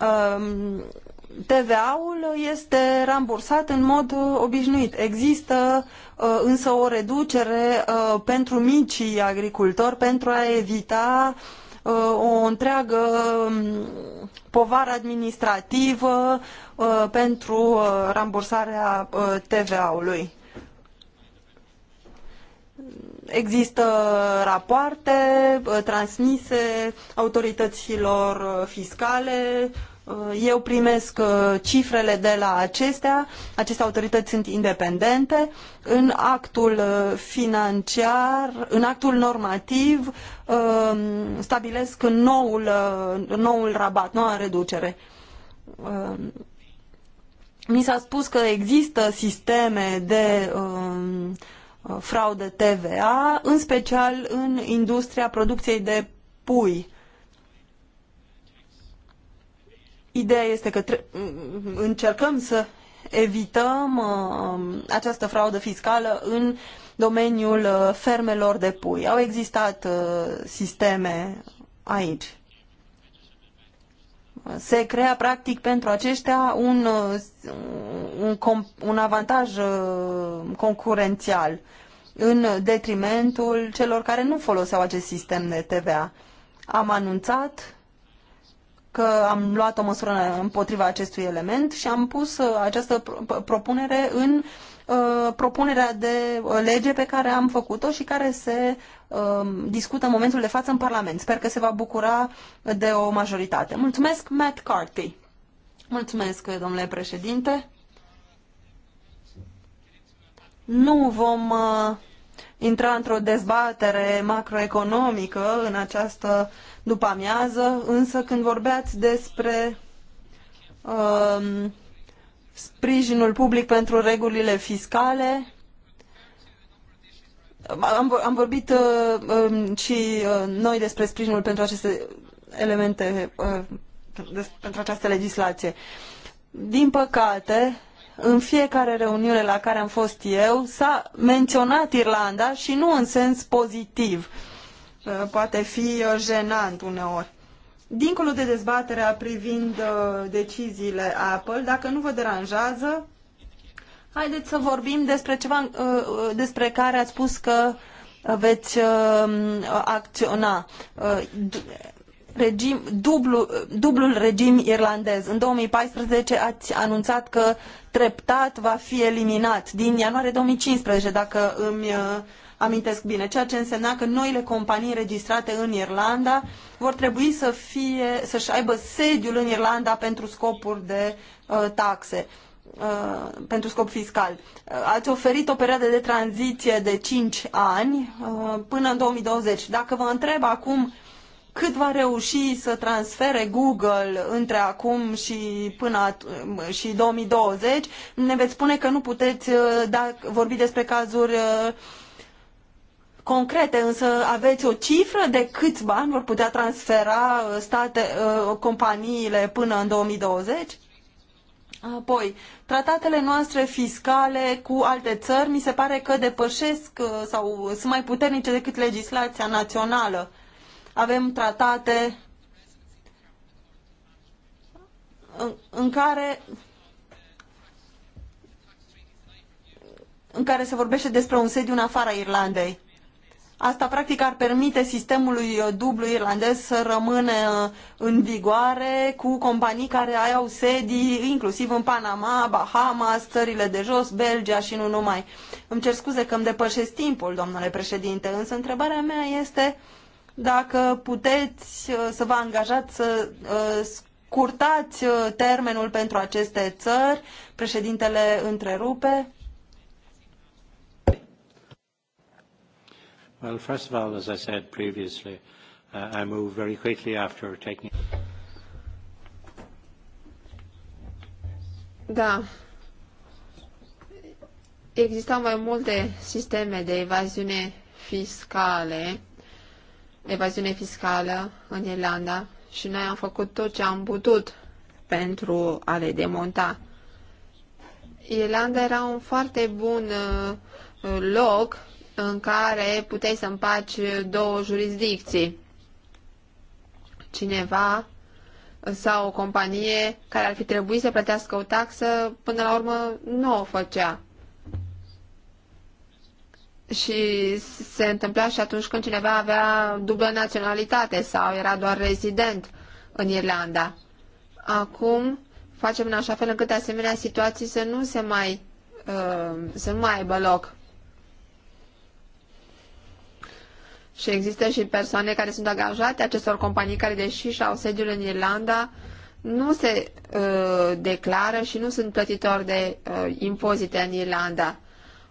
Um, TVA-ul este rambursat în mod uh, obișnuit. Există uh, însă o reducere uh, pentru micii agricultori pentru a evita o întreagă um, povară administrativă pentru rambursarea TVA-ului. Există rapoarte transmise autorităților fiscale, Uh, eu primesc uh, cifrele de la acestea, aceste autorități sunt independente. În actul uh, financiar, în actul normativ, stabilesc noul, noul rabat, noua reducere. Mi s-a spus că există sisteme de fraudă TVA, în special în industria producției de pui Ideea este că încercăm să evităm uh, această fraudă fiscală în domeniul uh, fermelor de pui. Au existat uh, sisteme aici. Se crea practic pentru aceștia un, uh, un, un avantaj uh, concurențial în detrimentul celor care nu foloseau acest sistem de TVA. Am anunțat că am luat o măsură împotriva acestui element și am pus uh, această propunere în uh, propunerea de uh, lege pe care am făcut-o și care se um, discută în momentul de față în Parlament. Sper că se va bucura de o majoritate. Mulțumesc, Matt Carthy. Mulțumesc, domnule președinte. Nu vom intra într-o dezbatere macroeconomică în această după-amiază, însă când vorbeați despre um, sprijinul public pentru regulile fiscale, am, am vorbit uh, um, și uh, noi despre sprijinul pentru aceste elemente, uh, pentru această legislație. Din păcate, în fiecare reuniune la care am fost eu s-a menționat Irlanda și nu în sens pozitiv. Uh, poate fi uh, jenant uneori. Dincolo de dezbaterea privind uh, deciziile Apple, dacă nu vă deranjează, haideți să vorbim despre ceva despre care ați spus că veți acționa regim, dublu, dublul regim irlandez. În 2014 ați anunțat că treptat va fi eliminat din ianuarie 2015, dacă îmi uh, amintesc bine, ceea ce însemna că noile companii înregistrate în Irlanda vor trebui să fie, să-și aibă sediul în Irlanda pentru scopuri de uh, taxe uh, pentru scop fiscal. Uh, ați oferit o perioadă de tranziție de 5 ani până în 2020. Dacă vă întreb acum cât va reuși să transfere Google între acum și până și 2020, ne veți spune că nu puteți uh, da, vorbi despre cazuri uh, concrete, însă aveți o cifră de câți bani vor putea transfera uh, state, companiile până în 2020? Apoi, tratatele noastre fiscale cu alte țări mi se pare că depășesc sau sunt mai puternice decât legislația națională avem tratate în, în care în care se vorbește despre un sediu în afara Irlandei. Asta practic ar permite sistemului uh, dublu irlandez să rămână uh, în vigoare cu companii care au sedii inclusiv în Panama, Bahamas, țările de jos, Belgia și nu numai. Îmi cer scuze că îmi depășesc timpul, domnule președinte, însă întrebarea mea este uh, dacă puteți uh, să vă angajați să uh, scurtați uh, termenul pentru aceste țări, președintele întrerupe. Well, first of all, as I said previously, uh, I move very quickly after taking. Da. Existau mai multe sisteme de evaziune fiscale evaziune fiscală în Irlanda și noi am făcut tot ce am putut pentru a le demonta. Irlanda era un foarte bun uh, loc în care puteai să împaci două jurisdicții. Cineva sau o companie care ar fi trebuit să plătească o taxă, până la urmă nu o făcea și se întâmpla și atunci când cineva avea dublă naționalitate sau era doar rezident în Irlanda. Acum facem în așa fel încât asemenea situații să nu se mai uh, să nu mai aibă loc. Și există și persoane care sunt angajate acestor companii care, deși și-au sediul în Irlanda, nu se uh, declară și nu sunt plătitori de uh, impozite în Irlanda.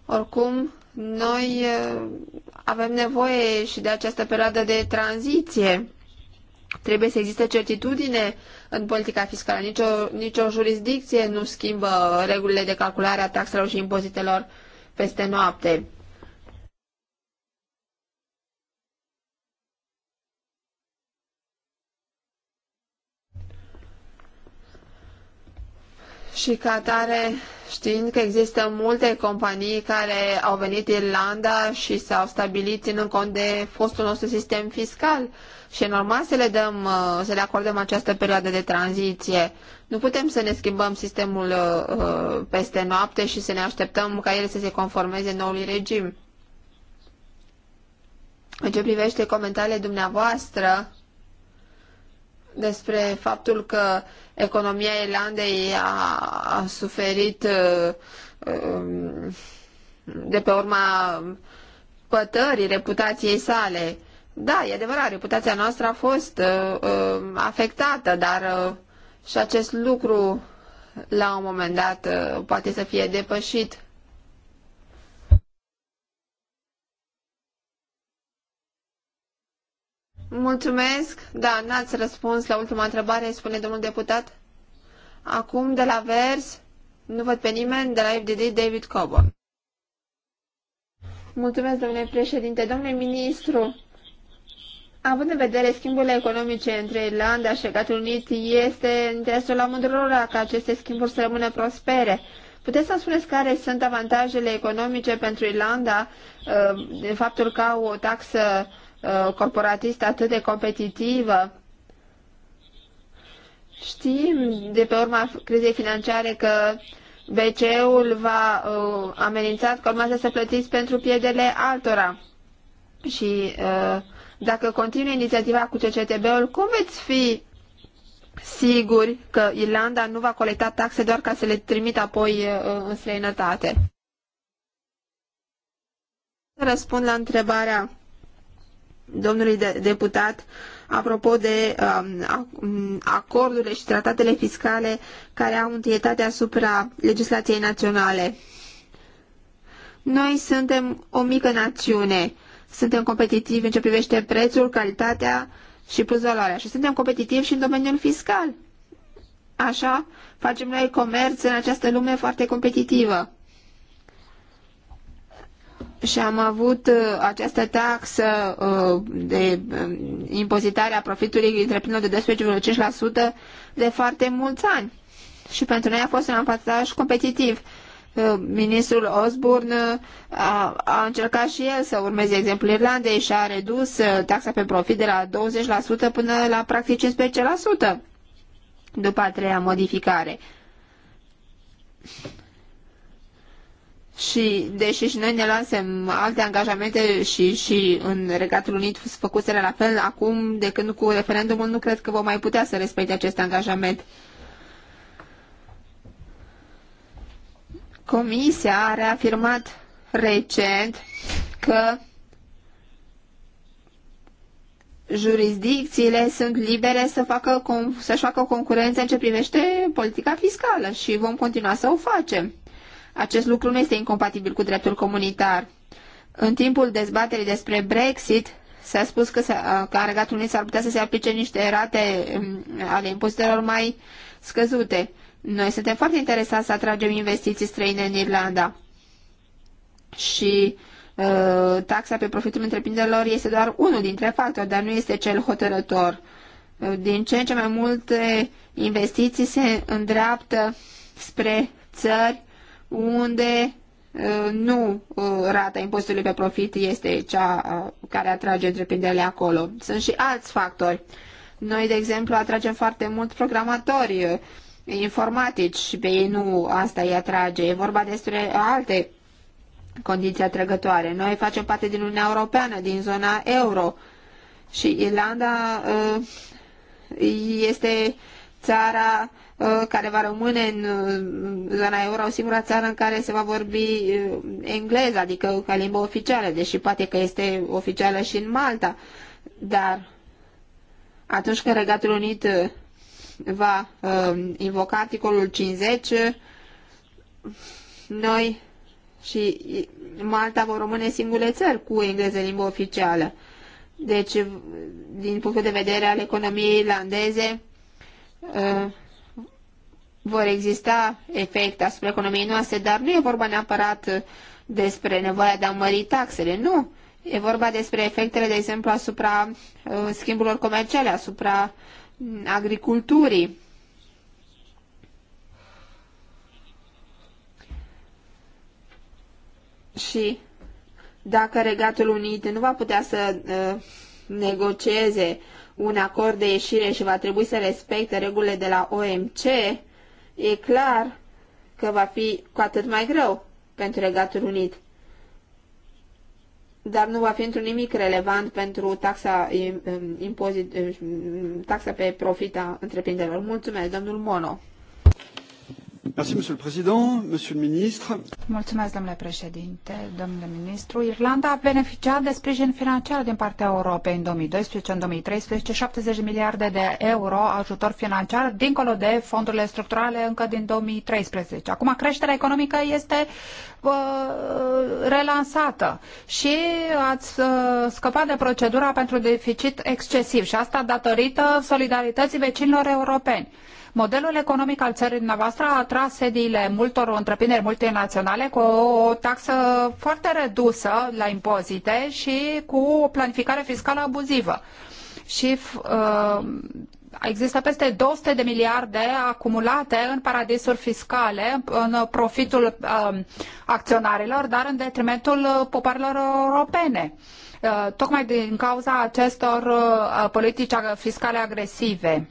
Oricum, noi eh, avem nevoie și de această perioadă de tranziție. Trebuie să existe certitudine în politica fiscală. Nicio, nicio jurisdicție nu schimbă regulile de calculare a taxelor și impozitelor peste noapte. Și ca atare știind că există multe companii care au venit Irlanda și s-au stabilit ținând cont de fostul nostru sistem fiscal și e normal să le, dăm, uh, să le acordăm această perioadă de tranziție. Nu putem să ne schimbăm sistemul uh, uh, peste noapte și să ne așteptăm ca ele să se conformeze noului regim. În ce privește comentariile dumneavoastră, despre faptul că economia Irlandei a, a suferit uh, um, de pe urma pătării reputației sale. Da, e adevărat, reputația noastră a fost uh, um, afectată, dar uh, și acest lucru la un moment dat poate să fie depășit. Mulțumesc. Da, n-ați răspuns la ultima întrebare, spune domnul deputat. Acum, de la vers, nu văd pe nimeni, de la FDD, David Coburn. Mulțumesc, domnule președinte. Domnule ministru, având în vedere schimburile economice între Irlanda și Statele Unit, este interesul la mândrurora ca aceste schimburi să rămână prospere. Puteți să spuneți care sunt avantajele economice pentru Irlanda, în uh, faptul că au o taxă Uh, corporatistă atât de competitivă. Știm de pe urma crizei financiare că BCE-ul va uh, amenințat că urmează să plătiți pentru pierderile altora. Și uh, dacă continuă inițiativa cu CCTB-ul, cum veți fi siguri că Irlanda nu va colecta taxe doar ca să le trimit apoi uh, în străinătate? Răspund la întrebarea domnului de deputat apropo de um, acordurile și tratatele fiscale care au întâietate asupra legislației naționale. Noi suntem o mică națiune, suntem competitivi în ce privește prețul, calitatea și plus valoarea și suntem competitivi și în domeniul fiscal. Așa facem noi comerț în această lume foarte competitivă și am avut uh, această taxă uh, de um, impozitare a profitului întreprinderilor de 12,5% de foarte mulți ani. Și pentru noi a fost un avantaj competitiv. Uh, ministrul Osborne a, a încercat și el să urmeze exemplul Irlandei și a redus taxa pe profit de la 20% până la practic 15% după a treia modificare și deși și noi ne luasem alte angajamente și, și în Regatul Unit făcusele la fel, acum, de când cu referendumul, nu cred că vom mai putea să respecte acest angajament. Comisia a reafirmat recent că jurisdicțiile sunt libere să facă, să-și facă concurență în ce privește politica fiscală și vom continua să o facem. Acest lucru nu este incompatibil cu dreptul comunitar. În timpul dezbaterii despre Brexit, s-a spus că, că în Regatul Unit s-ar putea să se aplice niște rate mm, ale impozitelor mai scăzute. Noi suntem foarte interesați să atragem investiții străine în Irlanda. Și uh, taxa pe profitul întreprinderilor este doar unul dintre factori, dar nu este cel hotărător. Ă, din ce în ce mai multe investiții se îndreaptă spre țări unde uh, nu uh, rata impozitului pe profit este cea uh, care atrage întreprinderile acolo. Sunt și alți factori. Noi, de exemplu, atragem foarte mult programatori informatici și pe ei nu asta îi atrage. E vorba despre alte condiții atrăgătoare. Noi facem parte din Uniunea Europeană, din zona euro și Irlanda este țara uh, care va rămâne în uh, zona euro, singura țară în care se va vorbi uh, engleză, adică ca limbă oficială, deși poate că este oficială și în Malta. Dar atunci când Regatul Unit va invoca articolul 50, noi și Malta vor rămâne singure țări cu engleză limbă oficială. Deci, din punctul de vedere al economiei irlandeze, Uh, vor exista efecte asupra economiei noastre, dar nu e vorba neapărat despre nevoia de a mări taxele, nu. E vorba despre efectele, de exemplu, asupra uh, schimburilor comerciale, asupra mm, agriculturii. Și dacă Regatul Unit nu va putea să uh, negocieze un acord de ieșire și va trebui să respecte regulile de la OMC, e clar că va fi cu atât mai greu pentru Regatul Unit. Dar nu va fi într nimic relevant pentru taxa, impozit, taxa pe profita întreprinderilor. Mulțumesc, domnul Mono. Monsieur le Président, Monsieur le Ministre. Mulțumesc, domnule președinte, domnule ministru. Irlanda a beneficiat de sprijin financiar din partea Europei în 2012, în 2013, 70 de miliarde de euro ajutor financiar, dincolo de fondurile structurale încă din 2013. Acum creșterea economică este uh, relansată și ați uh, scăpat de procedura pentru deficit excesiv și asta datorită solidarității vecinilor europeni. Modelul economic al țării dumneavoastră a atras sediile multor întreprinderi multinaționale cu o taxă foarte redusă la impozite și cu o planificare fiscală abuzivă. Și uh, există peste 200 de miliarde acumulate în paradisuri fiscale, în profitul uh, acționarilor, dar în detrimentul popoarelor europene. Uh, tocmai din cauza acestor uh, politici fiscale agresive.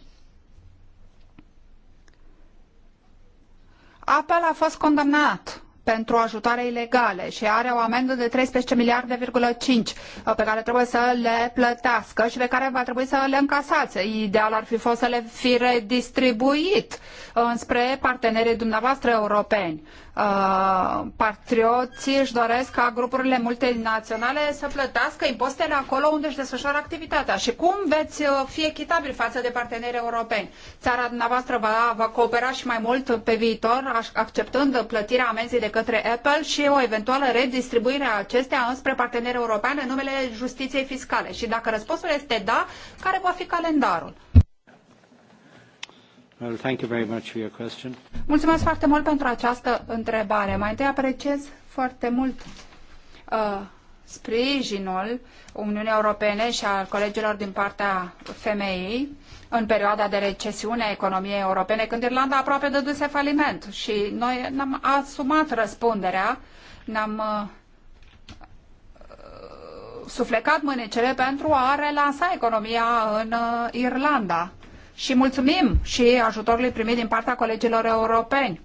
Apple a fost condamnat pentru ajutoare ilegale și are o amendă de 13 miliarde, 5 uh, pe care trebuie să le plătească și pe care va trebui să le încasați. Ideal ar fi fost să le fi redistribuit uh, înspre partenerii dumneavoastră europeni. Uh, patrioții își doresc ca grupurile multinaționale să plătească impozitele acolo unde își desfășoară activitatea. Și cum veți fi echitabil față de partenerii europeni? Țara dumneavoastră va, va coopera și mai mult pe viitor, acceptând plătirea amenzii de către Apple și o eventuală redistribuire a acesteia înspre parteneri europeni în numele justiției fiscale? Și dacă răspunsul este da, care va fi calendarul? Well, thank you very much for your question. Mulțumesc foarte mult pentru această întrebare. Mai întâi apreciez foarte mult uh, sprijinul Uniunii Europene și al colegilor din partea femeii în perioada de recesiune a economiei europene, când Irlanda aproape dăduse faliment și noi ne-am asumat răspunderea, ne-am uh, uh suflecat mânecele pentru a relansa economia în uh, Irlanda. Și mulțumim și ajutorului primit din partea colegilor europeni.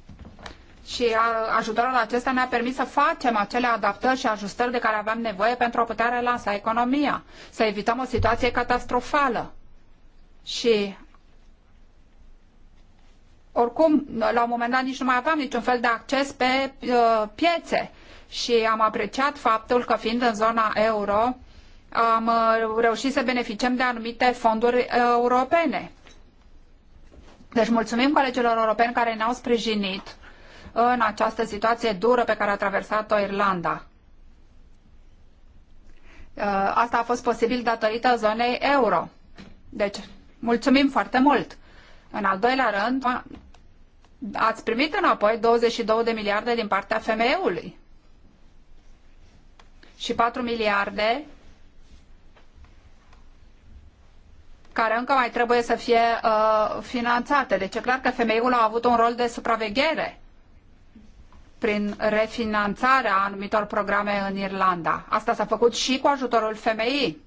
Și uh, ajutorul acesta ne-a permis să facem acele adaptări și ajustări de care aveam nevoie pentru a putea relansa economia, să evităm o situație catastrofală și oricum, la un moment dat nici nu mai aveam niciun fel de acces pe uh, piețe și am apreciat faptul că fiind în zona euro, am uh, reușit să beneficiem de anumite fonduri uh, europene. Deci mulțumim colegilor europeni care ne-au sprijinit în această situație dură pe care a traversat-o Irlanda. Uh, asta a fost posibil datorită zonei euro. Deci, Mulțumim foarte mult! În al doilea rând, ați primit înapoi 22 de miliarde din partea femeiului și 4 miliarde care încă mai trebuie să fie uh, finanțate. Deci e clar că femeiul a avut un rol de supraveghere prin refinanțarea anumitor programe în Irlanda. Asta s-a făcut și cu ajutorul femeii.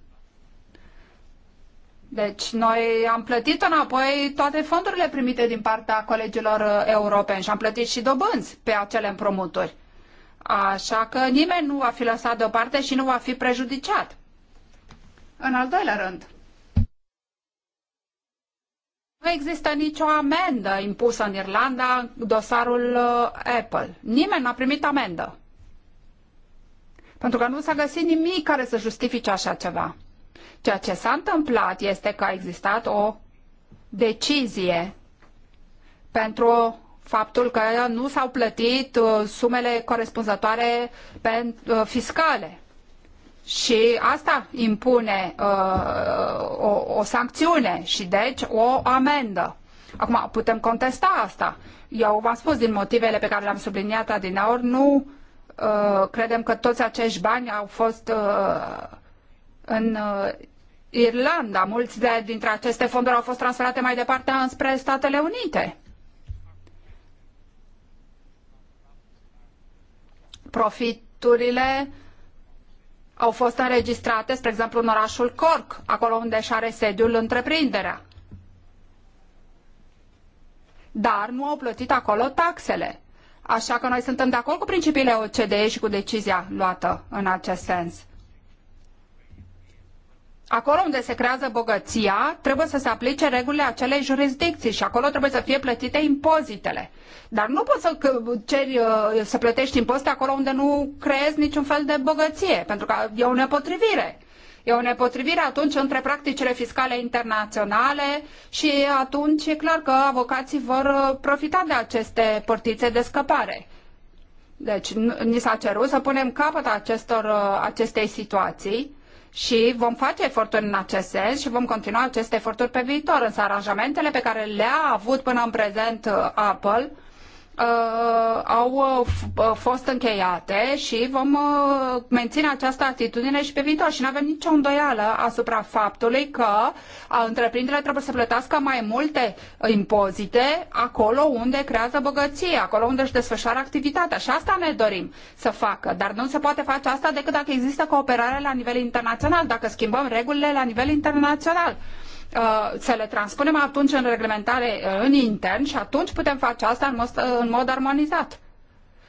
Deci noi am plătit înapoi toate fondurile primite din partea colegilor uh, europeni și am plătit și dobânzi pe acele împrumuturi. Așa că nimeni nu va fi lăsat deoparte și nu va fi prejudiciat. În al doilea rând, nu există nicio amendă impusă în Irlanda în dosarul uh, Apple. Nimeni nu a primit amendă. Pentru că nu s-a găsit nimic care să justifice așa ceva. Ceea ce s-a întâmplat este că a existat o decizie pentru faptul că nu s-au plătit uh, sumele corespunzătoare uh, fiscale. Și asta impune uh, o, o sancțiune și deci o amendă. Acum, putem contesta asta. Eu v-am spus din motivele pe care le-am subliniat adineaori, nu uh, credem că toți acești bani au fost uh, în uh, Irlanda, mulți de, dintre aceste fonduri au fost transferate mai departe înspre Statele Unite. Profiturile au fost înregistrate, spre exemplu, în orașul Cork, acolo unde își are sediul întreprinderea. Dar nu au plătit acolo taxele. Așa că noi suntem de acord cu principiile OCDE și cu decizia luată în acest sens acolo unde se creează bogăția, trebuie să se aplice regulile acelei jurisdicții și acolo trebuie să fie plătite impozitele. Dar nu poți să ceri uh, să plătești impozite acolo unde nu creezi niciun fel de bogăție, pentru că e o nepotrivire. E o nepotrivire atunci între practicile fiscale internaționale și atunci e clar că avocații vor uh, profita de aceste portițe de scăpare. Deci ni s-a cerut să punem capăt acestor, uh, acestei situații și vom face eforturi în acest sens și vom continua aceste eforturi pe viitor. Însă aranjamentele pe care le-a avut până în prezent uh, Apple uh, au uh, uh, fost încheiate și vom uh, menține această atitudine și pe viitor. Și nu avem nicio îndoială asupra faptului că uh, întreprinderile trebuie să plătească mai multe impozite acolo unde creează bogăție, acolo unde își desfășoară activitatea. Și asta ne dorim să facă. Dar nu se poate face asta decât dacă există cooperare la nivel internațional, dacă schimbăm regulile la nivel internațional uh, să le transpunem atunci în reglementare uh, în intern și atunci putem face asta în mod, în mod armonizat.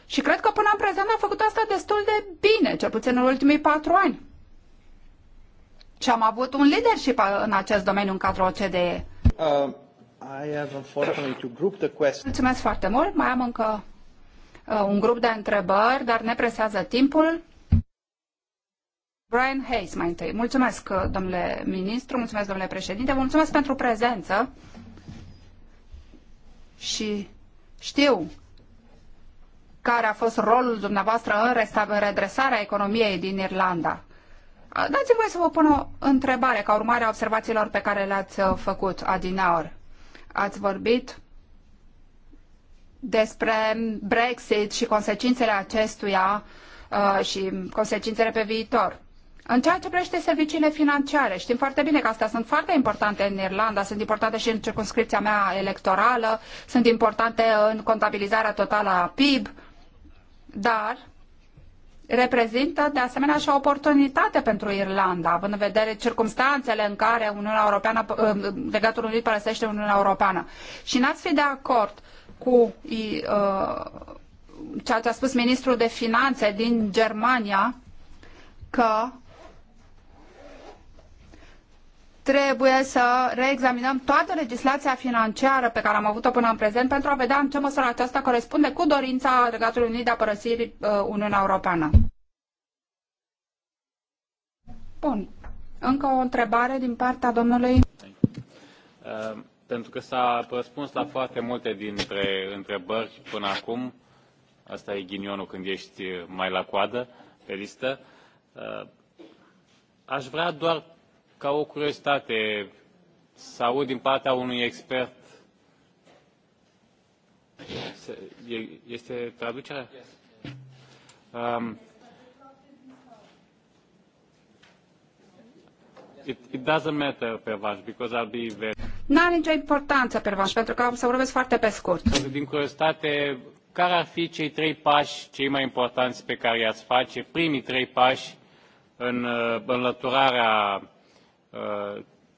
Și cred că până în prezent am făcut asta destul de bine, cel puțin în ultimii patru ani. Și am avut un leadership uh, în acest domeniu în cadrul OCDE. Uh, I have unfortunately to group the question. Mulțumesc foarte mult. Mai am încă uh, un grup de întrebări, dar ne presează timpul. Brian Hayes, mai întâi. Mulțumesc, uh, domnule ministru, mulțumesc, domnule președinte, mulțumesc pentru prezență și știu care a fost rolul dumneavoastră în redresarea economiei din Irlanda. Uh, dați-mi voi să vă pun o întrebare ca urmare a observațiilor pe care le-ați uh, făcut adinaur. Ați vorbit despre Brexit și consecințele acestuia uh, și consecințele pe viitor. În ceea ce privește serviciile financiare, știm foarte bine că astea sunt foarte importante în Irlanda, sunt importante și în circunscripția mea electorală, sunt importante în contabilizarea totală a PIB, dar reprezintă de asemenea și o oportunitate pentru Irlanda, având în vedere circumstanțele în care Uniunea Europeană, Legatul uh, Unit părăsește Uniunea Europeană. Și n-ați fi de acord cu uh, ceea ce a spus ministrul de finanțe din Germania, că trebuie să reexaminăm toată legislația financiară pe care am avut-o până în prezent pentru a vedea în ce măsură aceasta corespunde cu dorința Regatului Unit de a părăsi uh, Uniunea Europeană. Bun. Încă o întrebare din partea domnului. Uh, pentru că s-a răspuns la foarte multe dintre întrebări până acum. Asta e ghinionul când ești mai la coadă pe listă. Uh, aș vrea doar ca o curiozitate, să aud din partea unui expert. Este traducerea? Um, it, it doesn't matter, vaș, because I'll be very... N-are nicio importanță, vaș, pentru că am să vorbesc foarte pe scurt. Din curiozitate, care ar fi cei trei pași cei mai importanți pe care i-ați face, primii trei pași în uh, înlăturarea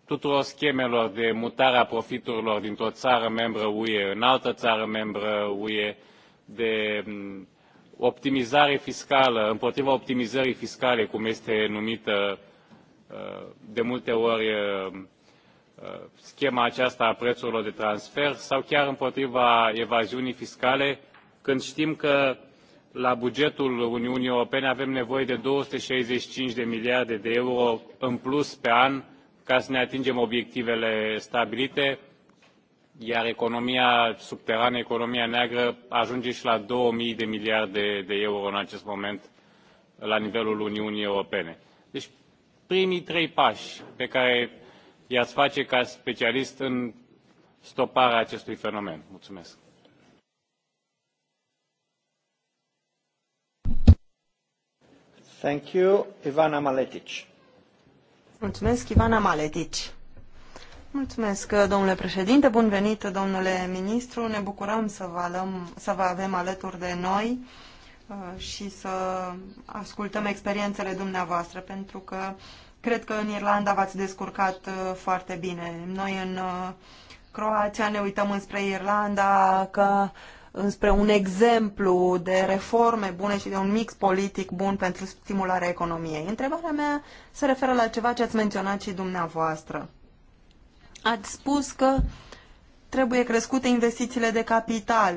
tuturor schemelor de mutare a profiturilor dintr-o țară membră UE în altă țară membră UE, de optimizare fiscală, împotriva optimizării fiscale, cum este numită uh, de multe ori uh, uh, schema aceasta a prețurilor de transfer, sau chiar împotriva evaziunii fiscale, când știm că la bugetul Uniunii Europene avem nevoie de 265 de miliarde de euro în plus pe an ca să ne atingem obiectivele stabilite, iar economia subterană, economia neagră, ajunge și la 2000 de miliarde de euro în acest moment la nivelul Uniunii Europene. Deci primii trei pași pe care i-ați face ca specialist în stoparea acestui fenomen. Mulțumesc. Ivana Maletic. Mulțumesc, Ivana Mulțumesc, domnule președinte. Bun venit, domnule ministru. Ne bucurăm să vă, alăm, să vă avem alături de noi uh, și să ascultăm experiențele dumneavoastră, pentru că cred că în Irlanda v-ați descurcat uh, foarte bine. Noi în uh, Croația ne uităm înspre Irlanda că înspre un exemplu de reforme bune și de un mix politic bun pentru stimularea economiei. Întrebarea mea se referă la ceva ce ați menționat și dumneavoastră. Ați spus că trebuie crescute investițiile de capital,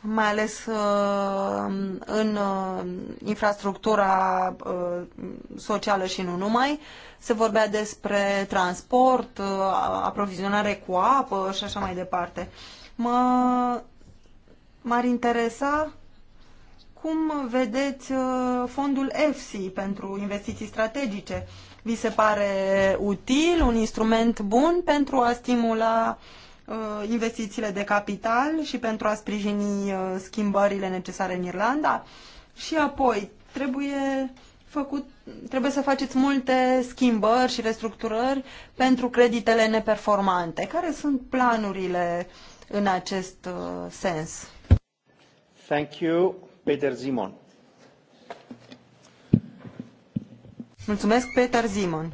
mai ales uh, în uh, infrastructura uh, socială și nu numai. Se vorbea despre transport, aprovizionare cu apă și așa mai departe. Mă, m-ar interesa cum vedeți uh, fondul EFSI pentru investiții strategice. Vi se pare util, un instrument bun pentru a stimula uh, investițiile de capital și pentru a sprijini uh, schimbările necesare în Irlanda? Și apoi, trebuie făcut, trebuie să faceți multe schimbări și restructurări pentru creditele neperformante. Care sunt planurile în acest uh, sens. Thank you, Peter Simon. Mulțumesc, Peter Simon.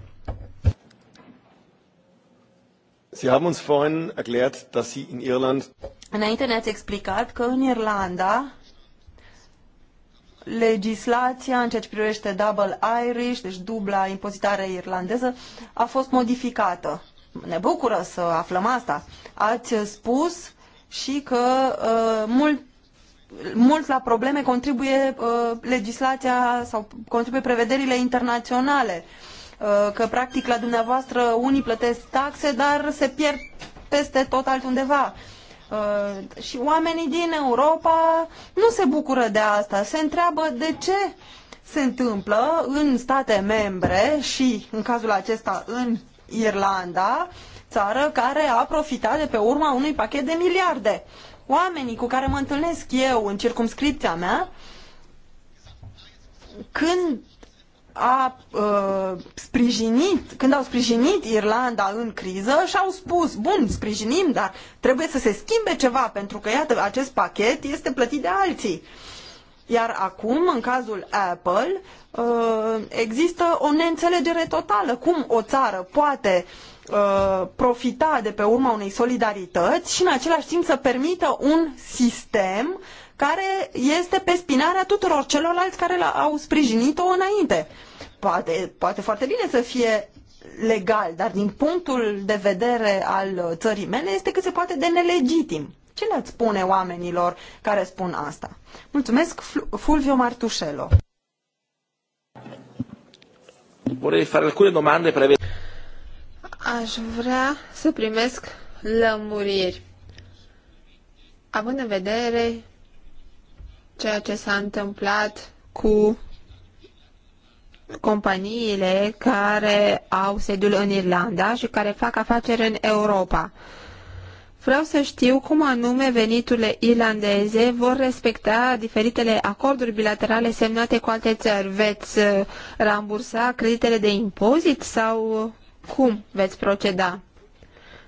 Sie haben uns vorhin erklärt, dass Sie in Irland Înainte ne-ați explicat că în Irlanda legislația în ceea ce privește double Irish, deci dubla impozitare irlandeză, a fost modificată ne bucură să aflăm asta. Ați spus și că uh, mult, mult la probleme contribuie uh, legislația sau contribuie prevederile internaționale. Uh, că practic la dumneavoastră unii plătesc taxe, dar se pierd peste tot altundeva. Uh, și oamenii din Europa nu se bucură de asta. Se întreabă de ce se întâmplă în state membre și, în cazul acesta, în Irlanda, țară care a profitat de pe urma unui pachet de miliarde. Oamenii cu care mă întâlnesc eu în circumscripția mea, când a uh, sprijinit, când au sprijinit Irlanda în criză și au spus, bun, sprijinim, dar trebuie să se schimbe ceva, pentru că, iată, acest pachet este plătit de alții. Uh, iar acum, în cazul Apple, uh, există o neînțelegere totală. Cum o țară poate uh, profita de pe urma unei solidarități și în același timp să permită un sistem care este pe spinarea tuturor celorlalți care au sprijinit-o înainte. Poate, poate foarte bine să fie legal, dar din punctul de vedere al țării mele este cât se poate de nelegitim. Ce le-ați spune oamenilor care spun asta? Mulțumesc, Fulvio Martușelo. Aș vrea să primesc lămuriri. Având în vedere ceea ce s-a întâmplat cu companiile care au sediul în Irlanda și care fac afaceri în Europa. Vreau să știu cum anume veniturile irlandeze vor respecta diferitele acorduri bilaterale semnate cu alte țări. Veți uh, rambursa creditele de impozit sau cum veți proceda?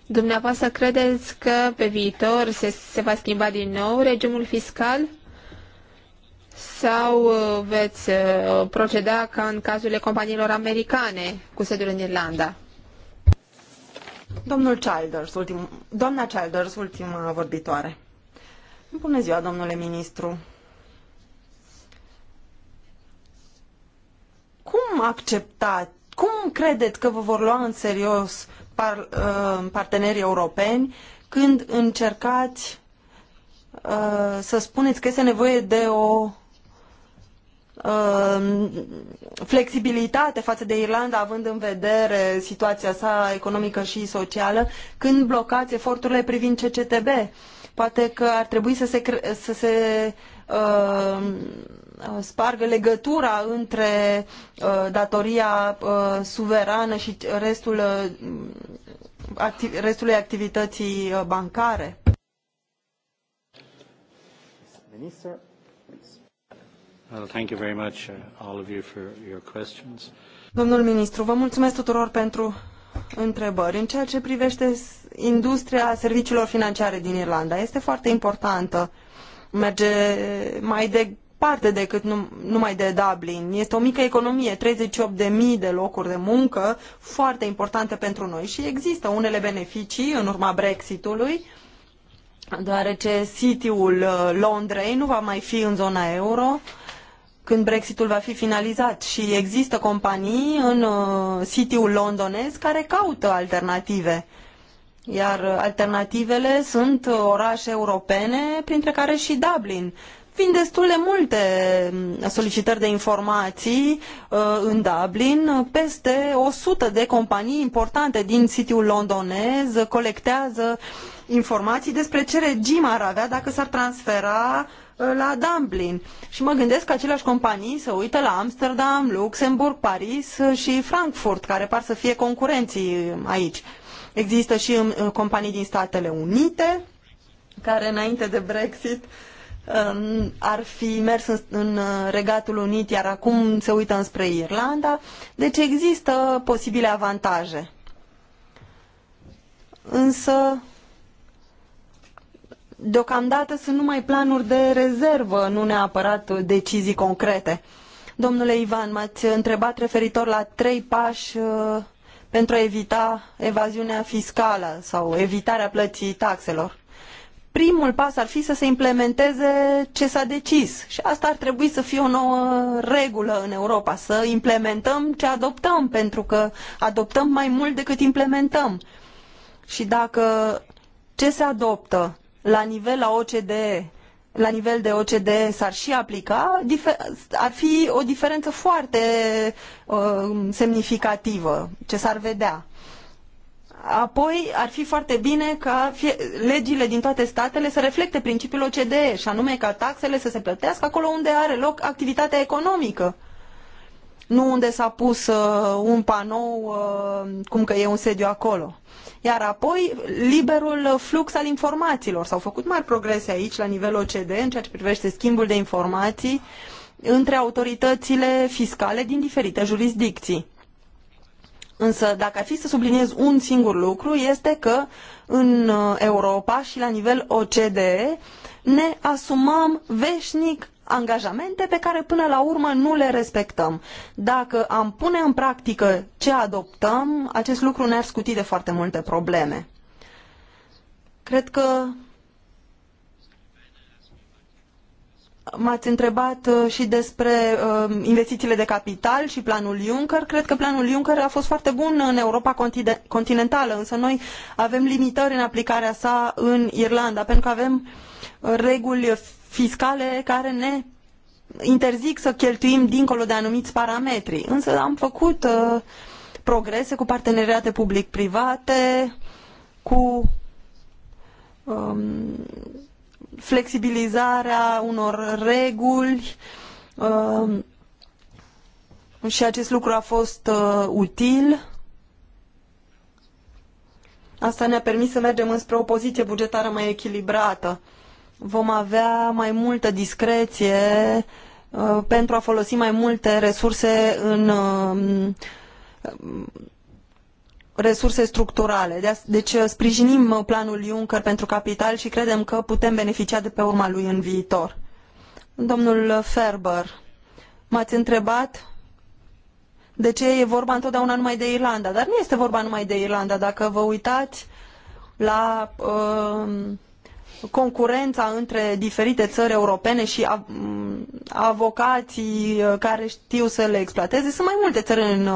Dumneavoastră credeți că pe viitor se, se va schimba din nou regimul fiscal? Sau uh, veți uh, proceda ca în cazurile companiilor americane cu sediul în Irlanda? Domnul Childers, ultim, doamna Childers, ultima vorbitoare. Bună ziua, domnule ministru. Cum acceptați, cum credeți că vă vor lua în serios par, uh, partenerii europeni când încercați uh, să spuneți că este nevoie de o Um, flexibilitate față de Irlanda, având în vedere situația sa economică și socială, când blocați eforturile privind CCTB. Poate că ar trebui să se, să se uh, spargă legătura între uh, datoria uh, suverană și restul uh, acti restului activității uh, bancare. Minister. Domnul ministru, vă mulțumesc tuturor pentru întrebări. În ceea ce privește industria serviciilor financiare din Irlanda, este foarte importantă. Merge mai departe decât numai de Dublin. Este o mică economie, 38.000 de locuri de muncă, foarte importante pentru noi și există unele beneficii în urma Brexitului, deoarece City-ul uh, Londrei nu va mai fi în zona euro când Brexitul va fi finalizat și există companii în City-ul uh, londonez care caută alternative. Iar alternativele sunt uh, orașe europene, printre care și Dublin. Fiind destul de multe mm, solicitări de informații uh, în Dublin. Peste 100 de companii importante din City-ul londonez colectează informații despre ce regim ar avea dacă s-ar transfera Uh, la Dublin. Și mă gândesc că aceleași companii se uită la Amsterdam, Luxemburg, Paris uh, și Frankfurt, care par să fie concurenții uh, aici. Există și um, companii din Statele Unite, care înainte de Brexit um, ar fi mers în, Regatul Unit, iar acum se uită înspre Irlanda. Deci există posibile avantaje. Însă deocamdată sunt numai planuri de rezervă, nu neapărat decizii concrete. Domnule Ivan, m-ați întrebat referitor la trei pași uh, pentru a evita evaziunea fiscală sau evitarea plății taxelor. Primul pas ar fi să se implementeze ce s-a decis și asta ar trebui să fie o nouă regulă în Europa, să implementăm ce adoptăm, pentru că adoptăm mai mult decât implementăm. Și dacă ce se adoptă la nivel la OCDE, la nivel de OCDE s-ar și aplica, ar fi o diferență foarte uh, semnificativă ce s-ar vedea. Apoi ar fi foarte bine ca fie, legile din toate statele să reflecte principiul OCDE și anume ca taxele să se plătească acolo unde are loc activitatea economică. Nu unde s-a pus uh, un panou uh, cum că e un sediu acolo. Uh, iar apoi, liberul flux al informațiilor. S-au făcut mari progrese aici, la nivel OCDE, în ceea ce privește schimbul de informații între autoritățile fiscale din diferite jurisdicții. Însă, dacă ar fi să subliniez un singur lucru, este că în uh, Europa și la nivel OCDE ne asumăm veșnic angajamente pe care până la urmă nu le respectăm. Dacă am pune în practică ce adoptăm, acest lucru ne-ar scuti de foarte multe probleme. Cred că m-ați întrebat uh, și despre uh, investițiile de capital și planul Juncker. Cred că planul Juncker a fost foarte bun în Europa continentală, însă noi avem limitări în aplicarea sa în Irlanda, pentru că avem uh, reguli fiscale care ne interzic să cheltuim dincolo de anumiți parametri. Însă am făcut uh, progrese cu parteneriate public-private, cu um, flexibilizarea unor reguli um, și acest lucru a fost uh, util. Asta ne-a permis să mergem înspre o poziție bugetară mai echilibrată. Uh, vom avea mai multă discreție uh, pentru a folosi mai multe resurse în uh, resurse structurale. Deci uh, sprijinim planul Juncker pentru capital și credem că putem beneficia de pe urma lui în viitor. Domnul Ferber, m-ați întrebat de ce e vorba întotdeauna numai de Irlanda, dar nu este vorba numai de Irlanda. Dacă vă uitați la uh, concurența între diferite țări europene și avocații uh, care știu să le exploateze. Sunt mai multe țări în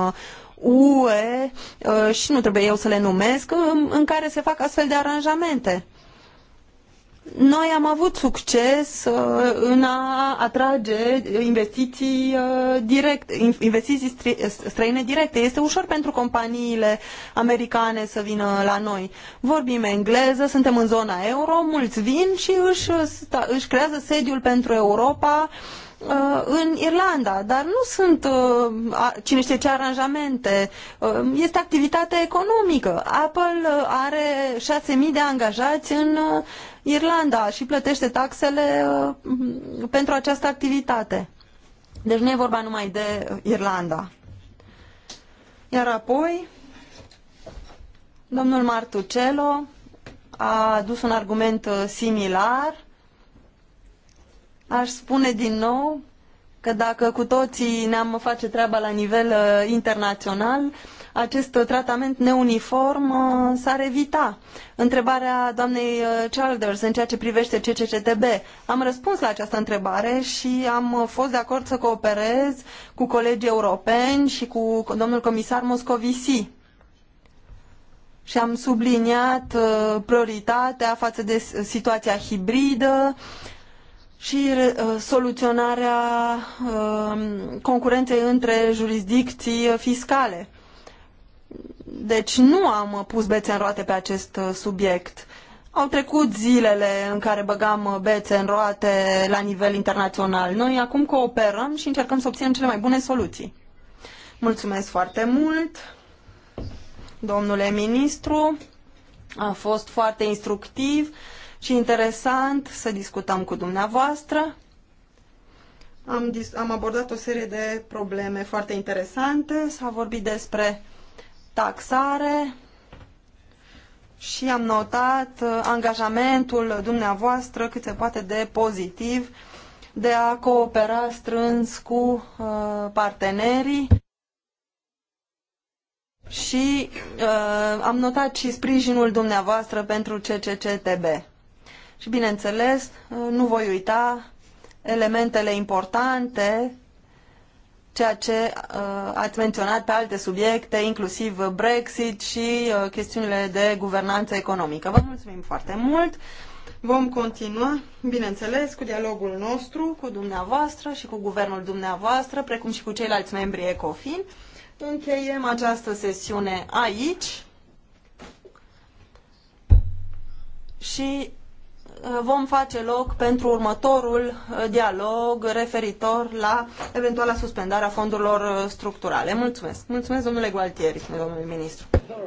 UE uh, uh, și nu trebuie eu să le numesc, în care se fac astfel de aranjamente. Noi am avut succes uh, în a atrage investiții uh, direct, investiții străine directe. Este ușor pentru companiile americane să vină la noi. Vorbim engleză, suntem în zona euro, mulți vin și își, își creează sediul pentru Europa uh, în Irlanda, dar nu sunt cine știe ce aranjamente. Este activitate economică. Apple are 6.000 de angajați în Irlanda și plătește taxele uh, pentru această activitate. Deci nu e vorba numai de Irlanda. Iar apoi, domnul Martucelo a adus un argument uh, similar. Aș spune din nou că dacă cu toții ne-am face treaba la nivel uh, internațional, acest uh, tratament neuniform uh, s-ar evita. Întrebarea doamnei uh, Childers în ceea ce privește CCCTB. Am răspuns la această întrebare și am uh, fost de acord să cooperez cu colegii europeni și cu domnul comisar Moscovici. Și am subliniat uh, prioritatea față de situația hibridă, uh, și uh, soluționarea um, concurenței între jurisdicții fiscale. Deci nu am pus bețe în roate pe acest uh, subiect. Au trecut zilele în care băgam uh, bețe în roate la nivel internațional. Noi acum cooperăm și încercăm să obținem cele mai bune soluții. Mulțumesc foarte mult, domnule ministru. A fost foarte instructiv și interesant să discutăm cu dumneavoastră. Am, am abordat o serie de probleme foarte interesante, s-a vorbit despre taxare și am notat uh, angajamentul dumneavoastră cât se poate de pozitiv de a coopera strâns cu uh, partenerii și uh, am notat și sprijinul dumneavoastră pentru CCCTB. Și, bineînțeles, nu voi uita elementele importante, ceea ce uh, ați menționat pe alte subiecte, inclusiv Brexit și uh, chestiunile de guvernanță economică. Vă mulțumim foarte mult! Vom continua, bineînțeles, cu dialogul nostru, cu dumneavoastră și cu guvernul dumneavoastră, precum și cu ceilalți membri ECOFIN. Încheiem această sesiune aici și Uh, vom face loc pentru următorul uh, dialog referitor la eventuala suspendare a fondurilor uh, structurale. Mulțumesc. Mulțumesc, domnule Gualtieri, domnule ministru.